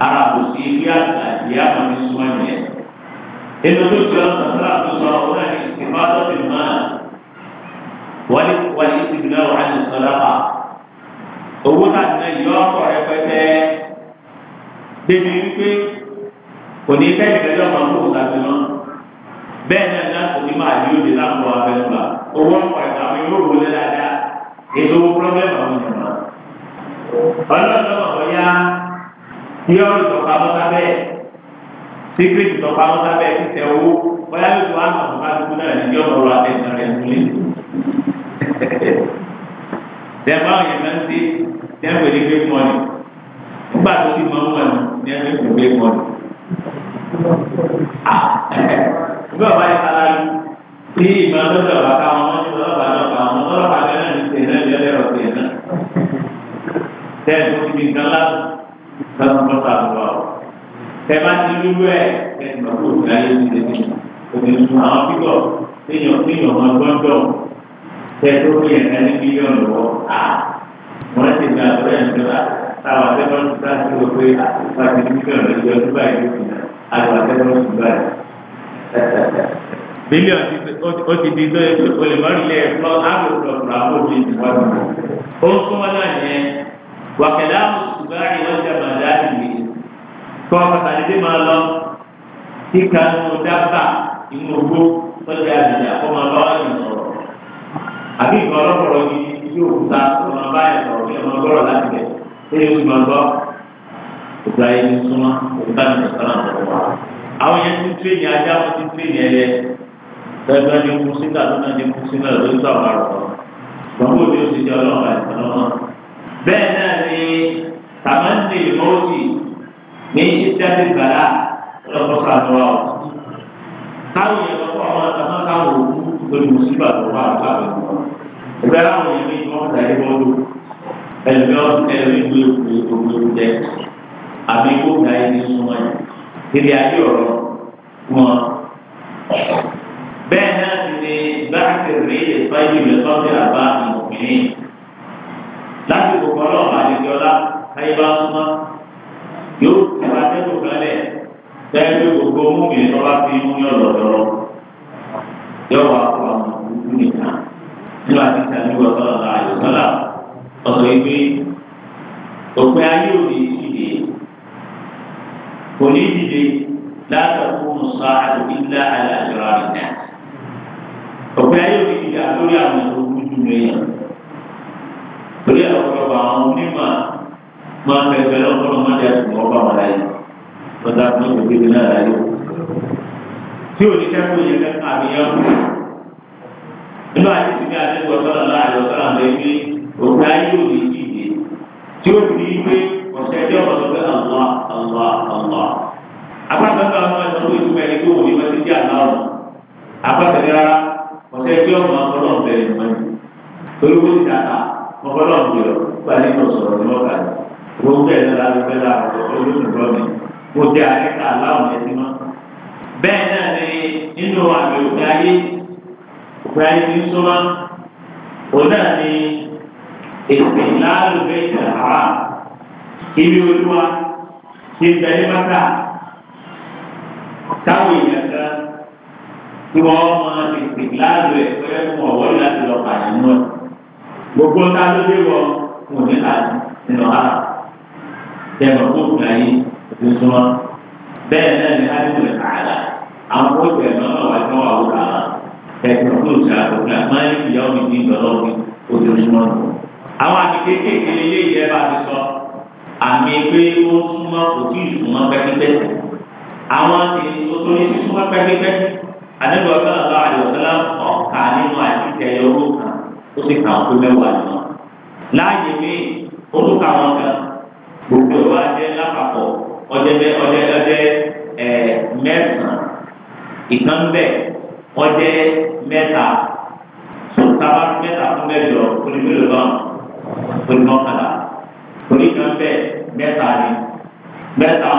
ara kò sí ilé àti àmọ́ ní súnmọ́ yẹn. inú tó ti ọ̀sán tó àtúnṣe ọ̀hún náà ní ìfipáṣọ́ ti máa wọ́n ní ìsìnkú náà wà ní sọ́dọ̀ owó náà ti náà yọ ọkọ̀ rẹpẹtẹ débi wípé kò ní fẹ́ ìfẹ́jọ́ máa kó òsàtì náà bẹ́ẹ̀ náà náà kò ní máa yí òde láàbọ̀ abẹ́nugba owó ọ̀pọ̀ ẹ̀ka àwọn yóò wọlé dáadáa ètò owó pírọ́blẹ́mù àwọn ìjọba ọlọ́dún ọmọ ya tíọ́rì tọ́pamọ́ sábẹ́ síkírìtì tọ́pamọ́ sábẹ́ títẹ̀ owó bóyá ló tó àwọn ọ̀pá tuntun náà ní yọ̀ọ̀ ọ̀rọ̀ àtẹ̀sán rẹ̀ múlẹ̀ dẹ̀bá òyìnbó ń ti dẹ́gbẹ̀ẹ́ ní gbé mọ́ni nígbà tó ti mọ́ ní ẹni kò gbé mọ́ ni. bí ọba yìí sára lu tí ìmọ̀ lọ́dọ̀ ọba ká wọn lọ́dọ̀ ọlọ́pàá náà ká wọn ọlọ́pàá náà ní ti ẹ̀rẹ́ ìyá lẹ́rọ̀ ti ẹ̀rẹ́. tẹ́ẹ̀tù ti gan lásán lọ́dún tó ta lọ́wọ́. tẹ́ẹ̀ bá ti lúlú ẹ̀ tẹ́ẹ̀tù náà kò ní ayé ti tẹ̀lé òní sun àwọn pípọ̀ téèyàn téèyàn máa gbọ́ndọ̀ tẹ́ẹ̀tù ó yẹ táwọn akẹ́kọ̀ọ́ ti sáà ti rò pé àtúntàkì mílíọ̀nù ẹ̀jẹ̀ ọdún báyìí ló ti àwọn akẹ́kọ̀ọ́ ti báyìí. bílíọ̀nù ó ti di lóye pé o lè mọ ilé ẹ̀fọ́ ábòtọ̀ọ̀rọ̀ àbòjì ìwádìí wọn. ó ń súnmọ́ náà yẹn wàkẹ́lá àmùsùgbárì wọ́n jẹ́ màdá ìlú kọ́ pàtàkì máa lọ kíka nínú dábà inú ogbó lọ́jà àdìyà kọ́ máa bá wàá sọ̀rọ̀ àbí ìgbà ọlọ́pọ̀lọ́ yìí yóò ta ọmọ báyìí sọ̀rọ̀ bí ọmọ gbọ́rọ̀ láti bẹ̀rẹ̀ ṣé o gbọ́n gbọ́ ìgbà yẹn ní súnmọ́ òkúta ní ìsọ̀rọ̀ àwọn ọ̀wá. àwọn yẹn ti tún èyí ajá wọn ti tún èyí ẹyẹ tẹ́gbẹ́ ní kú síta tó náà ní kú síta ló ń sọ̀rọ̀ àrùkọ. gbọ́n wo ni o ti jẹ́ ọlọ́run àìsàn náà. bẹ́ẹ̀ náà ni tàmáǹdì mọ́ọ̀sì ní ìṣẹ́jú gbàrà lọ́kọ̀ọ́sọ àdúrà ọ̀. táwọn yẹn lọ́kọ̀ ọmọ àtàwọn káwọn òkú lórí mùsùlùmí àtọ̀wọ́ àtàwọn ẹ̀gbẹ́ ẹlòmí ọ̀sẹ̀ ẹlòmí gbé ìwé gbogbo ìjẹ àbí gbogbo ayé ní súnmọ́ ẹ̀ tẹ̀lé ayé ọ̀rọ̀ wọn. bẹ́ẹ̀ náà sì ni báńkì rí ìfáyé ìrẹsọ́sẹ̀ àbá ìmọ̀kìnrin lásìkò kan náà àdìgbọ́lá káyé bá súnmọ́ yóò ti wá tẹ́kọ̀ọ́ kalẹ̀ tẹ́lẹ̀ gbogbo múmi tó bá fi mú yọ̀ lọ́dọ̀ọ́ yọ̀ wá fún àwọn òkú nìkan nígbà tí sàmúwọ̀ sọ̀rọ̀ pé òpin ayé òní tí wọ́n máa tètè láàlú ẹ̀ pé wọ́n wọ́n láti lọ pàdé mọ́ ẹ̀. gbogbo ta ló dé wọ kò ní láti nínú ara tẹ̀wọ̀n tó kù láyé tó súnmọ́ bẹ́ẹ̀ náà ni láti lè kààlà àwọn kó tẹ̀ lọ́nà wà tó wà wò kààlà tẹ̀wọ̀n tó ṣe àkókò máa ń fi yọ̀ mí ní ìdọ́lọ́wọ́ ó tó súnmọ́ nù. àwọn àti kéékèèké ilé yẹ bá ti sọ àmì pé ó súnmọ́ kò tí pẹ́kípẹ́kí àwọn àti òtún ní sísúnmọ́ pẹ́kípẹ́kí àdébò ọ̀sán àbá àdìọ̀sọ́lá ọ̀ka nínú àtìkẹ́ ẹ̀yọ́rọ́ kan ó sì kà ọ̀kú mẹ́wàá nìyẹn. láàyè mi olùkà wọn kan gbogbo ìwà jẹ́ lápapọ̀ ọjẹ́ ọjẹ́ ọjẹ́ ẹ̀ mẹ́sàn-án ìkan bẹ́ẹ̀ ọjẹ́ mẹ́ta sọ̀tàbà mẹ́ta fún mẹ́jọ onímọ̀lẹ́bọ̀n onímọ̀kànlá oníkan bẹ́ẹ̀ mẹ́ta ni mẹ́ta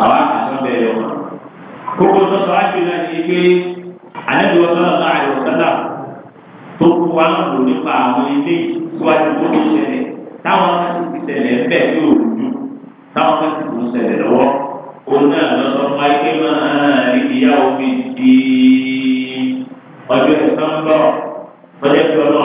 àwọn àkàtúntò bẹ́ẹ̀ yọ̀ wọn gbogbo sọ́tọ̀ ájúlá ní pé àlejò ọ̀sán àìwọ̀ sọ́tà tó kú wa ń lò nípa àwọn ilé síwájú tó ti ṣẹlẹ̀ táwọn kan ti ṣẹlẹ̀ ń bẹ̀ yóò rújú táwọn kan ti kún ṣẹlẹ̀ lọ́wọ́ òun náà lọ sọ fún ayé máa rí ìyá omi di ọjọ́ ìsọ́nbọ̀ ọjọ́ ìjọba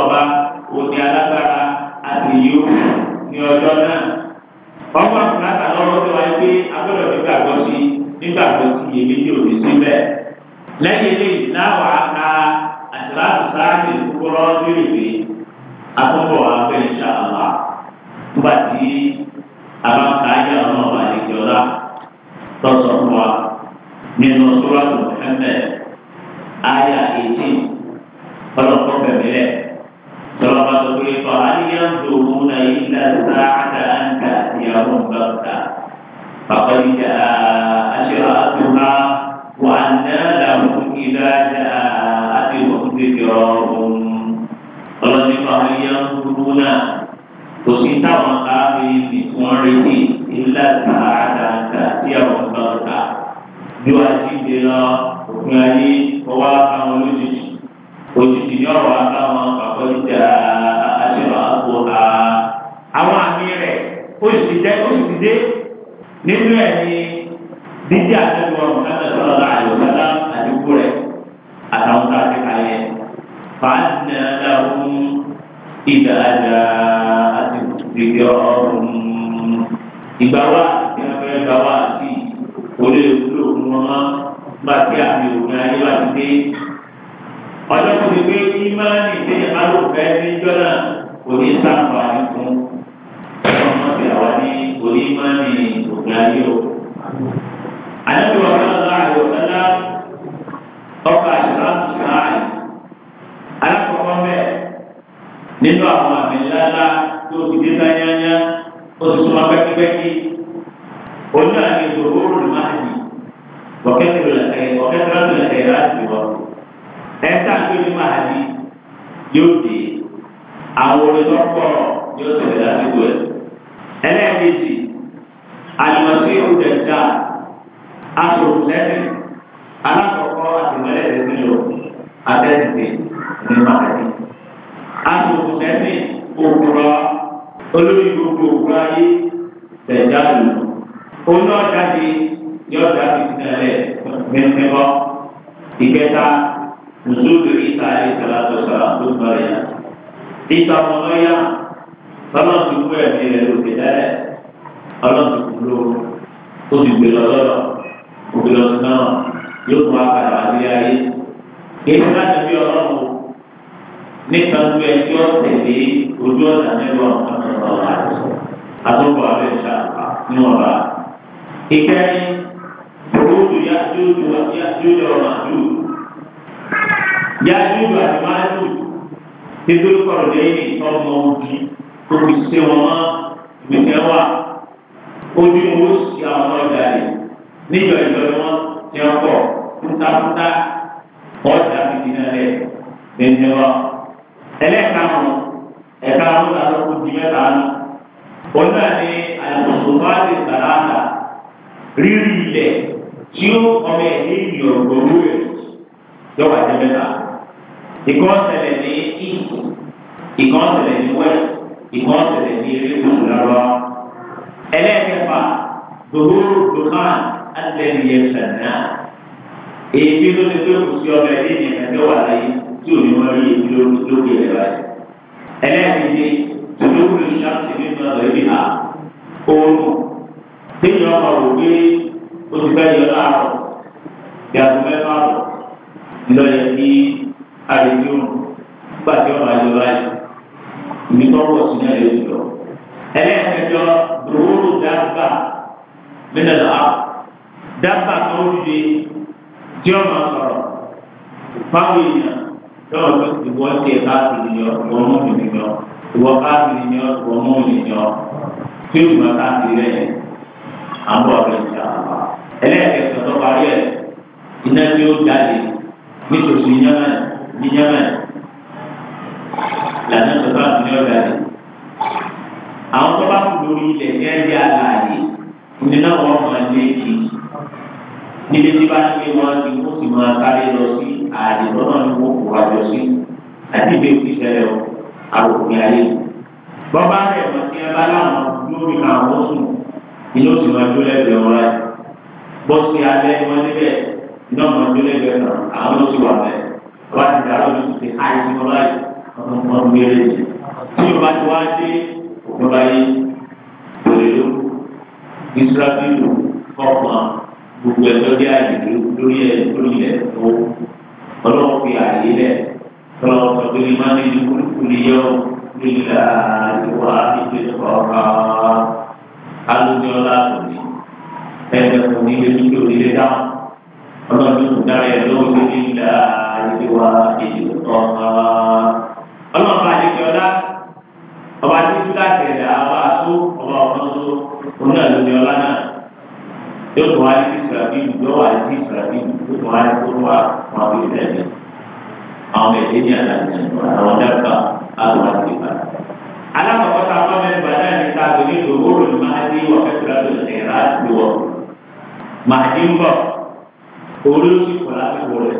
òun náà jáde yóò jáde sílẹ̀ mẹ́tẹ́bọ́ ìkẹta nzúlù ìta ìsàlátò sàlátò mọ́rẹ́yà ìta mọ́rẹ́yà ọlọ́sùn kú ẹ̀mí rẹ̀ lókè dẹ́rẹ́ ọlọ́sùn kú ló ó ti gbé lọ́lọ́rọ̀ òkè lọ́sùn náà yóò mú apàdà àti ayé èyí láti bí ọlọ́run nípa tó ẹjọ́ tẹ̀lé ojú ọ̀nà nílùú ọ̀nà ọ̀nà àtúbọ̀ abẹ́ṣà níwọ̀nba ìkẹrin olóòtú yájújú yájújú ọ̀nà àdú yájújú àti máàlú nítorí kọ̀rọ̀ lẹ́yìn ọmọ òbí tó fi ṣe wọn mọ́ ìgbésẹ̀ wà ojú wo sì àwọn ọjà rẹ̀ níjọ ìjọ ni wọ́n ti ń pọ̀ fúntafúntà ọjà fìdínà rẹ̀ lẹ́yìn wa ẹlẹ́ka mọ̀ ẹ̀ka mọ̀ làwọn kò di mẹ́ta nù. òun náà ni àyàwòsàn bá ti sàrà àgbà rírì ilẹ̀ tí ó ọmọ ẹ̀dẹ́ ìyọ̀ gbòòrò rẹ̀ lọ́wọ́ àti mẹ́ta. ìkan ṣẹlẹ̀ ní east ìkan ṣẹlẹ̀ ní west ìkan ṣẹlẹ̀ ní erékùn lọ́wọ́. ẹlẹ́ẹ̀kẹfà gbòòrò dùkán àtẹ̀lẹ́yẹ sànà. èyí tó ti pé kò sí ọmọ ẹ̀dẹ́ ìyẹn kẹ́kẹ́ wà láyé tí ò ní wọ́n rí èyí lókè rẹ̀ báyìí. ẹlẹ́ẹ̀kẹfà tòlóhùn ìṣàkóso nínú ọ̀rọ̀ ibi téèyàn ọmọ bụ pé ó ti fẹ́ yọ láàárọ̀ yàtọ̀ mẹ́fà rọ̀ lọ́yẹ̀ kí àlejò gbàtí ọmọ àjọ báyìí ibi tó wọ̀ sí náà yóò jọ. ẹlẹ́ẹ̀kẹjọ dòwúrò dábà mílíọ̀nù á tó tó káàkiri káàkiri tí ó káàkiri àbọ̀ àbẹ̀sà ẹlẹ́ẹ̀kẹsọ̀ tó parí ẹ̀ iná tí ó jáde nítòsí yámẹ́ ní yámẹ́ lànà tó bá fi yọ̀ jáde àwọn tó bá kú lórí ilẹ̀ ní ẹ̀jẹ̀ àlàyé nínú àwọn ọmọ ẹgbẹ́ kì í níbi tí bá ṣe wọn ti mú sí máa sáré lọ sí ààyè lọ́nà ní wọ́n kó wájọ sí àti ìbéèrè ti ṣẹlẹ̀ o àròkè ayé bọ́bá rẹ̀ wọ́n ti ẹ bá láwọn lórí àwọn iná sì máa dúró lẹ́gbẹ̀ẹ́ wọn rẹ̀ bọ́sì alẹ́ wọn níbẹ̀ iná máa dúró lẹ́gbẹ̀ẹ́ náà àwọn ló sì wà bẹ́ẹ̀ wọ́n ti dàrú ló ti háyé sí wọn láyé wọn máa ń gbére jù tí o bá ti wá dé òkun láyé òrè ló israẹlu ọkàn gbogbo ẹjọ́ dé àyè lórí ẹ lórí ilẹ̀ tó ọlọ́wọ́ fi àyè lẹ̀ ọlọ́wọ́ sọ pé má alóde ọlá lòdì ẹ̀ẹ́dẹ̀ kò ní ilé dúkìá onílé dáhùn ọlọ́dún kò dára ẹ̀ lọ́wọ́ ní ìlà ìdí wa èyí ọ̀gá ọlọ́ọ̀bá àdéjọ ọlá ọba tí tí láti ẹ̀dá ọba àtó ọba ọ̀tọ́tó oní àlóde ọlá náà yóò tó wá ní ìsìlàbí yóò wá ní ìsìlàbí yóò tó wá ní tó wá fún àwọn ìlú àwọn ẹ̀dẹ́ ní àlàyé àwọn dábàá àwọn àti ìbàdàn alákọ̀ọ́kọ́ tá a bá mẹ́rin bàdá ní ká tó ní ìdòwòrò ní mahadi wà kẹ́kọ̀ọ́ tó ní ẹ̀rá ti wọ̀ mahadi ń bọ̀ orí ó sì kọ̀ láti wọ̀ rẹ̀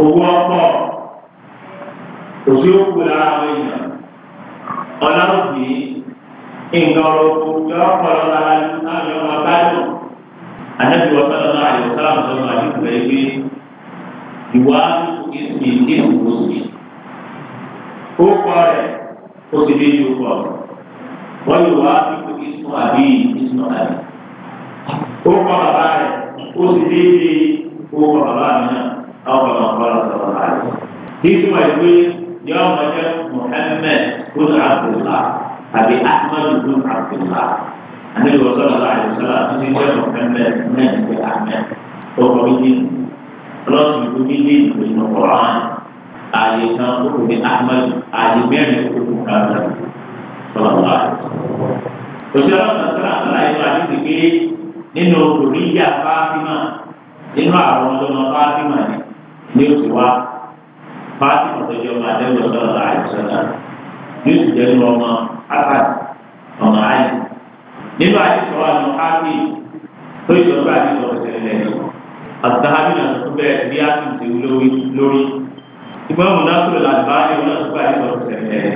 owó ọ̀pọ̀ òsì ó kú lára àwọn èèyàn ọ̀nà òbí nǹkan ọ̀rọ̀ kò jọ ọ̀pọ̀ lọ́la láti ọmọ báyọ̀ ànábi wọ́n sọ̀rọ̀ náà àyè sọ́lá sọ̀rọ̀ àdìgbò rẹ̀ gbé ìwà ìsìn ìsìn òsì ó kọ́ rẹ̀ ó ti dé ju pọ̀ wọ́n yóò wá ipò ìsún àbí ìsún àbí. ó kọ́ bàbá rẹ̀ ó ti dé dé ó kọ́ bàbá mi náà àwọn bàbá ń bára sọ̀rọ̀ láàyè. ìsún àìpé yọ ọmọ jẹ́ Muhammad bin Abdullah àbí Ahmad bin Abdullah. النبي صلى الله عليه وسلم ti jẹ́ ọ̀kẹ́lẹ̀ mẹ́rin pé àmẹ́ ọkọ̀ méjì lọ́sùn ìlú méjì ìlú ìlú ọ̀rọ̀ àná ààyè kan ó kò ní ahmed ààyè mẹ́rin ó kò ká lọ sọ̀rọ̀ wa. òṣèlú ọ̀sán tó náà sọ̀rọ̀ àyẹ̀wò àti kékeré nínú oríyá fáfímà nínú àwọn ọlọ́mọ fáfímà ni ó ti wá fáfímà tó jẹ́ ọmọ àdéhùn sọ̀rọ̀ àyẹ̀sọ̀ náà ní oṣù jẹ́ nínú ọmọ akad ọmọ ayé nínú àyẹ̀sọ̀ wa ni káfí tó ìjọba àti ìjọba ìṣẹ̀lẹ̀ ọ̀sán hábìnà tó bẹ̀rẹ̀ bí á sì ti lórí ìmáàmù látọ̀rọ̀ làbáyé wọn àti báyìí lọ sẹ̀lẹ̀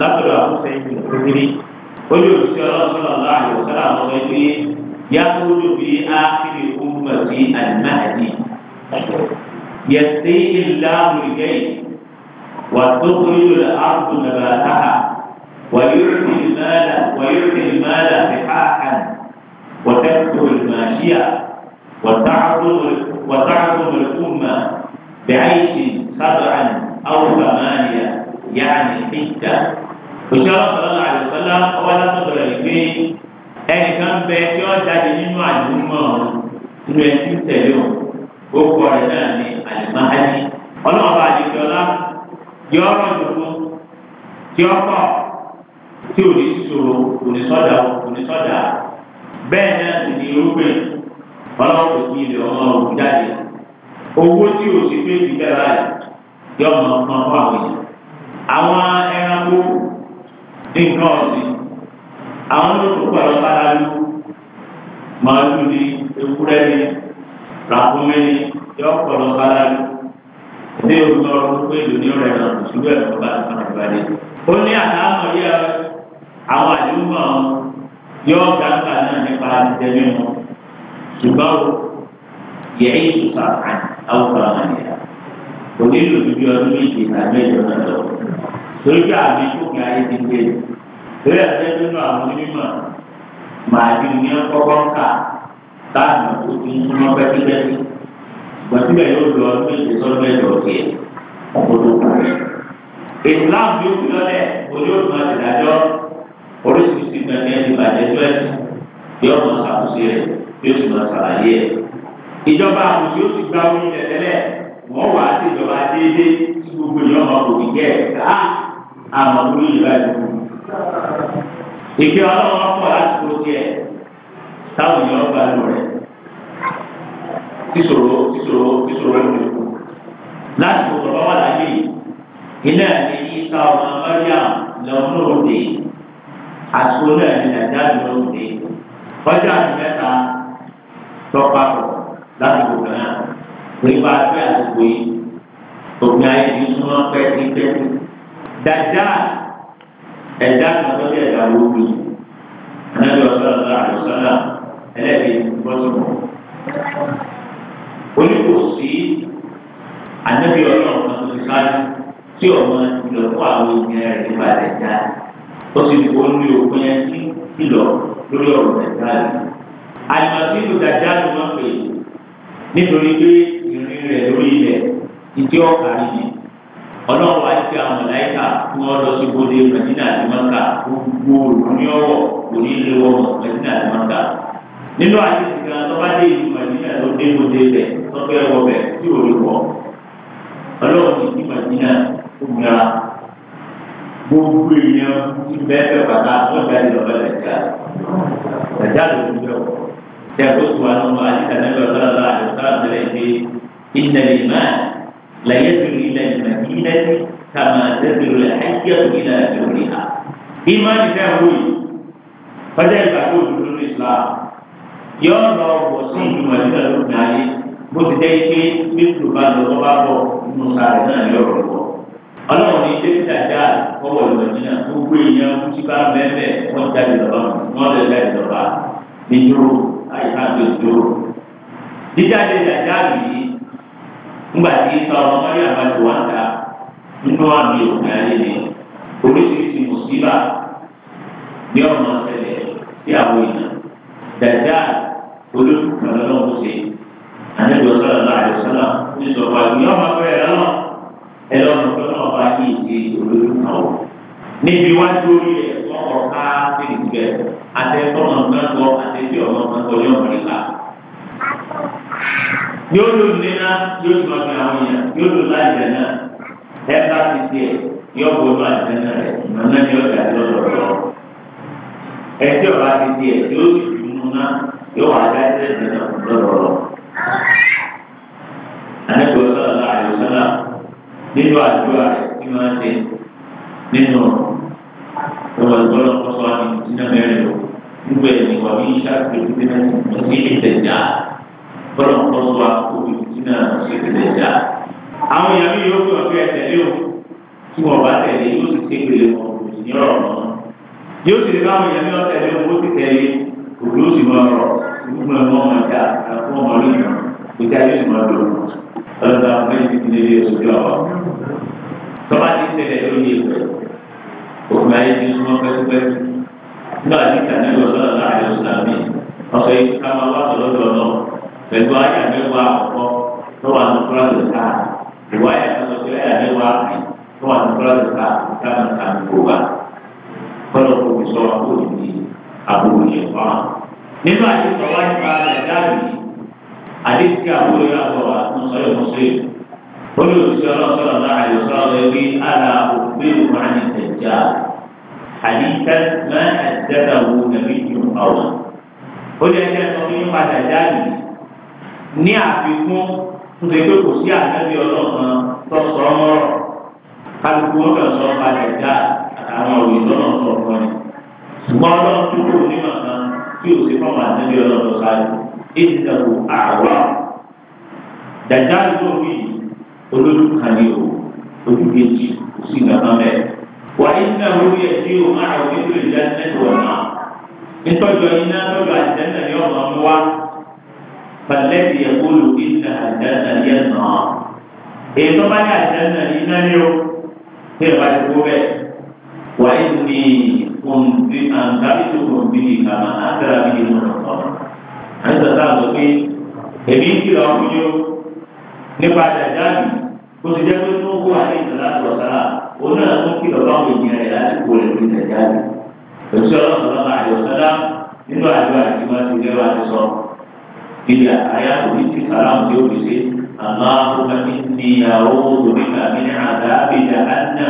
látọ̀rọ̀ àkọsẹ̀ ìgbìmọ̀ kékeré ó ní òṣìṣẹ́ ọlọ́sọ̀rọ̀ láàyè ọ̀sẹ̀ àwọn ọmọ ẹgbẹ́ yàtúndù bí ákìrì ummati al-mahdi yẹtí ìlànà ìgbẹ́yìn wà tó kúrò lè àrùn nàbàtàhà wà yóò fi ìmáàlà wà yóò fi ìmáàlà fi hàkàn wà tẹ́kù ìmáàlíà wà tààtù wà tààtù mẹ̀kúmà bẹ́ẹ̀ سبعا أو ثمانية يعني ستة وشرف صلى الله عليه وسلم ولا تقول لك ẹnì kan bẹ tí ó jáde nínú àdúgbò nínú ẹtí tẹ̀lé o ó kọ rẹ náà ní àlùmáhàjì ọlọ́ọ̀bá àdìgbọ́lá yọ ọ̀rọ̀ ìdòwò tí ó pọ̀ tí ò ní ṣòro kò ní sọ́dà kò ní sọ́dà bẹ́ẹ̀ náà sì ní irúgbìn ọlọ́wọ́ kò sí ilẹ̀ ọmọ òkú jáde owó tí ò sí pé ìgbẹ́ra rẹ̀ yọ ọmọ ọmọ fún àwọn èèyàn àwọn ẹranko nǹkan ọ̀sìn àwọn olóòtú pẹ̀lú báralu màálù ni ewúrẹ́ ni ràkúnmí ni yọ pẹ̀lú báralu ní òwúrọ̀ ọdún pé ìlú ní ọ̀rẹ́ náà ìṣúgbọ́ ẹ̀kọ́ bá ti fara balẹ̀. ó ní àtàwọn yẹ àwọn àdúgbò yọ gbàgbà náà nípa àtijọ́ mímu ṣùgbọ́n yẹ èyí tó àwọn ọ̀rọ̀ àmàlẹ́ òní lò ní bí ọdún méje tàbí ẹ̀jọ̀ náà lọ. torí pé àmì ìṣòkè ayé ti gbé torí ẹ̀jẹ̀ nínú àwọn onímọ̀ màá di ní ọkọ̀ ńkà táàmù tó ti ń súnmọ́ pẹ́kípẹ́kí. gbọ̀dúgbẹ̀ yóò lọ ọdún méje sọ́dún mẹ́jọ tiẹ̀ ọ̀pọ̀lọpọ̀ rẹ̀. ìsìláàmù yóò fi lọ́lẹ̀ òní ò máa ṣèdájọ́ oríṣiríṣi gbẹ̀ngẹ́ ti bàjẹ́ tó ẹ̀sìn yóò máa ṣàkóso rẹ̀ yóò sì máa ṣàlàyé rẹ̀ wọ́n wà á ti jọba déédéé tí gbogbo yìí ọmọ kò ní kẹ́ ẹ̀ ká àmọ́ tó yìí báyìí. ìpè ọlọ́wọ́ pọ̀ láti kó tiẹ̀ táwọn èèyàn bá lò rẹ̀ tíṣòro tíṣòro tíṣòro ẹ̀ lò láti kó tọ́ bá wà láyé ilé ẹ̀ ní ìta ọmọ mọ́ríàm lọ́nà òde àtúkò náà ní nàìjíríà lọ́nà òde ọjà mẹ́ta tọ́pàpọ̀ láti kó kan náà nípa abẹ́ àdúgbò yìí òfin ayé ti súnmọ́ pẹ́ẹ́tipẹ́ẹ́tì dáadáa ẹ̀dá àtọ́jú ẹ̀dá lóbi anábì ọ̀sán àdùsọ́nà ẹlẹ́bi bọ́sùmọ̀ oníkòsí anábì ọlọ́run kan tó ti sáájú tí ọmọ ìlọ̀ fún àwọn ènìyàn rẹ̀ nípa ẹ̀dá ó sì fi wọ́n lórí òpin ẹtí ìlọ̀ lórí ọ̀rọ̀ ẹ̀dá rẹ̀ àyùmọ̀ sí ìlú dáadáa ló máa ń pè é nítorí pé ìrìn rẹ̀ lórí ilẹ̀ ìdí ọ̀kà nìyí ọlọ́run wá sí àwọn mọ̀láìkà tí wọ́n lọ sí gbòde mẹ́dínà àti mọ́kà gbogbo oníọ̀wọ̀ oníléwọ̀ mẹ́dínà àti mọ́kà nínú àdéhùn kan tó bá dé ìlú mẹ́dínà ló dé gbòde bẹ̀ tọ́pẹ́ wọ bẹ̀ tí ò lè wọ̀ ọlọ́run ti di mẹ́dínà tó múra gbogbo èèyàn ti bẹ́ẹ̀ fẹ́ bàtà wọ́n jáde lọ́wọ́ ẹ̀ تروس وأنه أجد النبي صلى الله عليه وسلم إليه إن الإيمان لا يصل إلى المدينة كما تصل الحية إلى جوهرها إيمان تهوي فده يقول في الإسلام يوم لو وصلت مدينة لبنان bó ti jẹ́ pé bíbélù bá lọ bá bọ̀ nínú sáré náà yọ̀rọ̀ bọ̀. ọlọ́run ní ṣé dàda ọwọ́ ìwọ̀nyí náà gbogbo èèyàn tí bá ń bẹ́ẹ̀ bẹ́ẹ̀ wọ́n jáde lọ́wọ́ wọn lè jáde lọ́wọ́ níjó láì ká lè dúró. jíjáde dàjà yìí ńgbà tí sọ̀rọ̀ mọ́rí àbájọ wá ń ta nínú àmì òkè ayé ni oríṣiríṣi mùsíbà ní ọ̀nà ọ̀sẹ̀lẹ̀ sí àwọn èèyàn. dàjà olóṣù kan lọ́wọ́ ṣe àdébò sọ̀rọ̀ láàrin sọ̀rọ̀ ní sọ̀rọ̀ àgbẹ̀ yọ̀ máa fẹ́ ẹ̀ lọ́nà ẹ̀ lọ́nà tó náà bá yí ìdí olóṣù kan níbi wájú orí ẹ̀ wọ́n kọ̀ ká àtẹ̀tọ́nà kankọ́ àtẹ̀tí ọ̀nà kankọ́ yóò mọ̀ nípa. yóò lò nínà yóò tún ọ̀gbìn àwọn èèyàn yóò lò láìpẹ́ náà ẹ bá ti tiẹ̀ yóò bọ̀ lọ àìpẹ́ náà rẹ̀ nàná ni ọ̀gá lọ́dọọdọ. ẹ tí ọ̀rọ̀ àti tiẹ̀ yóò sì fi mú ná yóò wà dá ẹsẹ̀ ìdáná lọ́dọọdọ. àdẹ́gbẹ́ sọ̀rọ̀ láàyò sọ́nà nínú àdúrà rẹ̀ kí wọ́n ṣe nínú ìwọ̀n ìgbọ́lọ́ gbogbo ẹ̀ ní wàá yí sáfì fìtínà ọ̀sẹ̀ ìtẹ̀jà bọ́lá ọ̀pọ̀lọpọ̀ àkókò fìtínà ọ̀sẹ̀ ìtẹ̀jà. àwọn èèyàn mi yóò fi ọ̀fẹ́ ẹ̀tẹ̀lé o tí wọ́n bá tẹ̀lé yóò sì ké pèlè wọn kò sí ọ̀rọ̀ mọ́. yóò sì bá àwọn èèyàn mi ọ̀tẹ̀lé o ó sì tẹ̀lé òkú ó sì mọ ọ̀rọ̀ gbogbo ẹ̀ mọ́ ọmọ ìjà àkókò ọmọ lóyún ìjà yóò sì mọ ọdún ọlọ́dà ọ̀fẹ́ ìdílé nígbà tí kàní lọ sọ́dọ̀ láàrin oṣù tàbí ọ̀sẹ̀ yìí ká máa wá sọ̀rọ̀ lọ́dọ̀ pẹ̀lú àyà mẹ́wàá àkọ́kọ́ tó wà ní kúrọ́sì ká ìwà àyà tó sọ pé àyà mẹ́wàá àkì tó wà ní kúrọ́sì ká ká máa kà ní kó wa kọ́lọ̀ kó fi sọ àbúrò ní àbúrò yẹn fún wa. nínú àti sọ̀rọ̀ nípa ẹ̀dáàbì àdéhùn àbúrò yẹn àbọ̀wà ń sọ̀rọ̀ mọ́sẹ̀ olùsọ̀rọ̀ sọ̀rọ̀ láàrin oṣù حديثا ما حدثه نبي أو ó lè jẹ́ sọ fún yín padà jáde ní àfikún tó ṣe pé kò sí àtẹ́bí ọlọ́kan tó sọ ọ́ mọ́rọ̀ kálukú wọn kàn sọ padà já àtàwọn òwe lọ́nà sọ fún ẹ ṣùgbọ́n ọlọ́run tó kù nímọ̀ kan tí ò sí fọ́ọ̀mù àtẹ́bí ọlọ́kan ṣáájú èyí ti sọ̀rọ̀ àwọ̀ dàjà ló ń o ojú kejì kò sí nǹkan mẹ́rin. وإنه يسير معه مثل الجنة والنار نتوجه إنا توجه الجنة يوم هو فالذي يقول إنها الجنة هي النار إيه طبعا الجنة إنا اليوم هي غير وإني كنت أنكرتكم به كما أنكر به المنصر أنت تعرف èmi kìlọ̀ ọ̀hún yóò nípa àjàjáde kó ti jẹ́ pé tó kó àlejò láti ọ̀sára òun náà tó kí lọ́wọ́ àwọn ènìyàn rẹ̀ láti kó lè fi nàìjáde òsì ọlọ́run lọ́wọ́ àyọ̀sọ́lá nínú àdúrà tí wọ́n ti lé wa ti sọ ìyá àyà òní ti sàlámù tí ó fi ṣe àmọ́ àwọn ènìyàwó òmìnira mi ní àdá àbíjà àdínà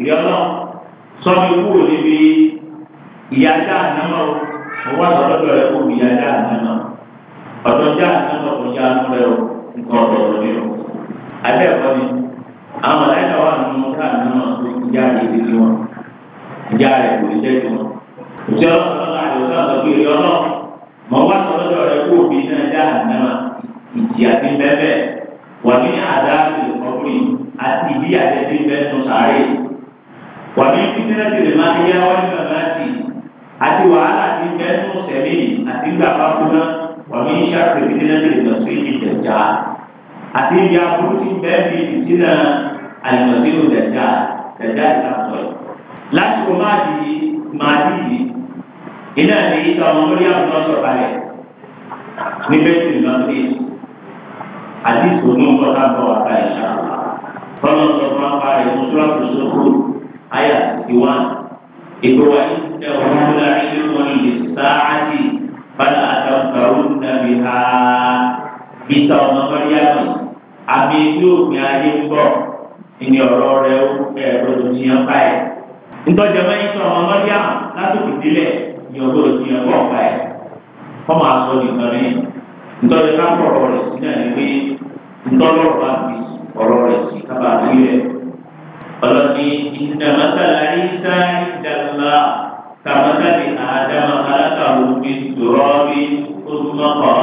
ìyá ọlọ́run sọ mi kúrò níbi ìyá dáa náà òun wà lọ́dọ̀ rẹ̀ kó ìyá dáa náà ọ̀dọ̀ dáa náà kò yá lọ́rẹ̀ o nǹkan ọ̀dọ̀ rẹ̀ o àdébí sí wọn ìjà rẹ̀ kò ní sẹ́yìn wọn. òṣìṣẹ́ ọlọ́run àdéhùn ọ̀gbìn ọlọ́ mọ wá sọ́dọ̀ rẹ kó omi náà dá àdámà ìjì àti bẹ́ẹ̀ wà ní àdáàbì ọkùnrin àti ìdí àtẹ̀bí bẹ́ẹ̀ tún sáré wà ní fífínẹ́sì lè máa yá wọ́n ní bàbá àti àti wàhálà ti bẹ́ẹ̀ tún sẹ́mi àti gbàgbà kúná wà ní sàkè fífínẹ́sì lè lọ sí àti ìyá burúkú bẹ́ẹ̀ ní ìdílé àlùmọ̀tí òjẹ̀já ẹ̀dá ìtàkùn ẹ̀ lásìkò máa di máa di yìí iná ní ìta ọmọ lórí àwọn ọ̀sọ̀ kalẹ̀ níbẹ̀ sì lọ sí àti ìsòmù ọ̀tá bọ̀ wà ká ìṣá tọ́lọ̀ sọ fún apá rẹ̀ fún sọ́ọ̀tù sọ́kù àyà ìwà ìgbéwà ìṣẹ̀ òun lára ilé wọn lè sáájì bala àtàkùn nàbì ha ìta ọmọ lórí àwọn àmì ìlú òmìnira yìí ń bọ̀ ìní ọ̀rọ̀ rẹ̀ ẹ̀rọ ìjìyàn báyìí. ntọ́jà máa ń sọ ọmọ lọ́dí àwọn látòkè délẹ̀ ní ọ̀rọ̀ ìjìyàn bọ̀ báyìí. kọ́mọ àṣọ nìkan ní ntọ́jà ká pọ̀rọ̀ rẹ̀ sí náà ní pé ntọ́lọ́rọ̀ bá fi ọ̀rọ̀ rẹ̀ sí kábà sí rẹ̀. ọlọ́ni ìdàmásálà ìsá ìdàlá kàmásálì àdámà alákàwò mi dùrọ́ mi ó tún máa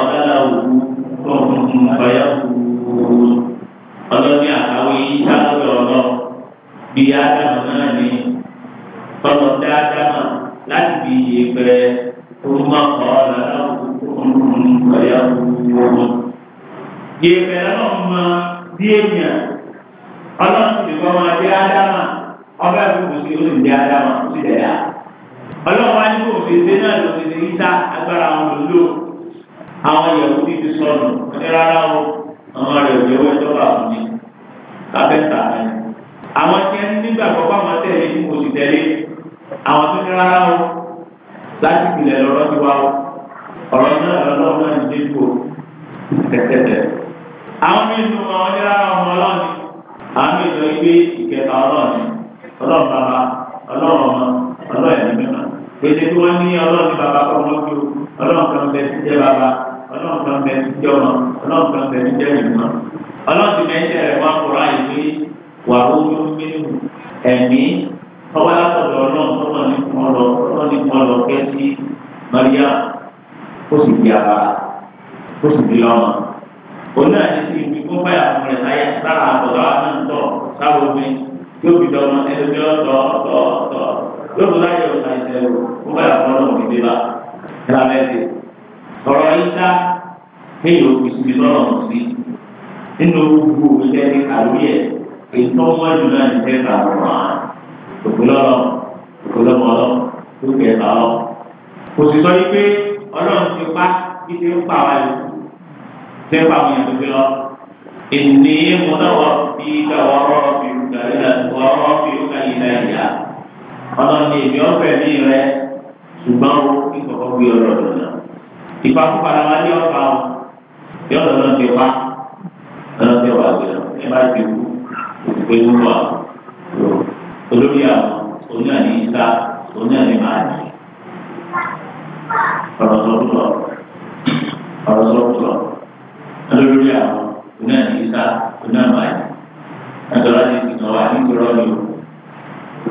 ọlọ́ni àtàwọn yìí sábẹ́ ọ̀nà bíi ádámà náà ni ọlọ́ dá ádámà láti fi iye pẹrẹ orúmọ ọ̀ọ́lá ọ̀yà òwúwo. Yèèpẹ̀ ọlọ́run mọ bí èèyàn ọlọ́run ti kọ́ máa dé ádámà ọba ìfowópamọ́ sí olóòtú dé ádámà ó sì dẹ̀ yá. Ọlọ́run wá ní kò fèsì náà lọ fèsì yíta agbára àwọn olóò àwọn ìyàwó ti fi sọnù ní rárá o ọmọ rẹ̀ òjò owó ìjọba fún mi lábẹ́ ta ẹ̀. àwọn tí ẹni nígbàgbọ́ bá wọn tẹ̀lé ní oṣù tẹ̀lé àwọn tó ní rárá o láti ìpìlẹ̀ lọ́rọ́ ti wá o ọ̀rọ̀ náà lọ́wọ́ náà ní dé tẹ̀tẹ̀tẹ̀. àwọn mí-ín tó máa ń rárá ọmọ ọlọ́ọ̀ni àwọn mí-ín tó gbé ìkẹta ọlọ́ọ̀ni ọlọ́ọ̀ bàbá ọlọ́ọ̀ ọmọ ọlọ́ọ̀ ẹ̀mí mẹ́ta pèsè tí wọ́n ní ọlọ́ọ̀ni bàbá kọ́ ọlọ́run kan bẹ ní jẹ́ ọmọ ọlọ́run kan bẹ ní jẹ́ ìmọ̀ ọlọ́run ti bẹ ní jẹ́ ẹ̀rọ akọ̀rọ̀ àyè pé wà ó yó mímu ẹ̀mí ọwọ́ látọ̀dọ̀ ọlọ́run tọ́lọ́ ní kún ọlọ tọ́lọ́ ní kún ọlọ kẹ́ sí Maria ó sì di abara ó sì di lọ́mọ òun náà ní sí ibi fún báyà fún rẹ̀ láyé sára àbọ̀dọ̀ àwọn náà tọ̀ sáwọ́ omi yóò fi dọ́mọ ẹlẹ́gbẹ́ ọ̀tọ̀ ọ̀tọ̀ ọ̀tọ̀ yóò fi láyé ọ̀tá ìṣẹ̀lẹ̀ fún báyà fún ọlọ́run ìdílé bá ẹ̀ ọ̀rọ̀ ìdá kéèyàn kù síbi lọ́nà sí nínú gbogbo ìṣe ní kàwé ẹ̀ ìtọ́ wọn jù náà ní tẹ́ta ọ̀rọ̀ àwọn òkúlọ́rọ̀ òkúlọ́mọlọ́ tó kẹta lọ. kò sì sọ wípé ọlọ́run ti pa títí ń pa wáyé tẹ́pà wọn yẹn tó fi lọ. ènìyàn múnáwọ́ bí káwọ́rọ́ fi kàlílà wọ́rọ́ fi kàlílà ìyá ọlọ́run ni èmi ọ̀fẹ́ mi rẹ ṣùgbọ́n ìkọ̀kọ̀ gbé ọ̀rọ̀ lọ́nà ìfakúfara wa ní ọ̀pá wọn yọ lọ́dọ̀ ti wá lọ́dọ̀ ti wá gbé lọ ẹ bá ti kú òsìkò ìlú wa olórí àwọn oní àní ìta oní àní máa ní ọ̀rọ̀ sọ́kùsọ̀ ọ̀rọ̀ sọ́kùsọ̀ olórí àwọn oní àní ìta oní àní máa ní ẹ̀tọ́ra ti ti tọ́ wa nítorọ́ ni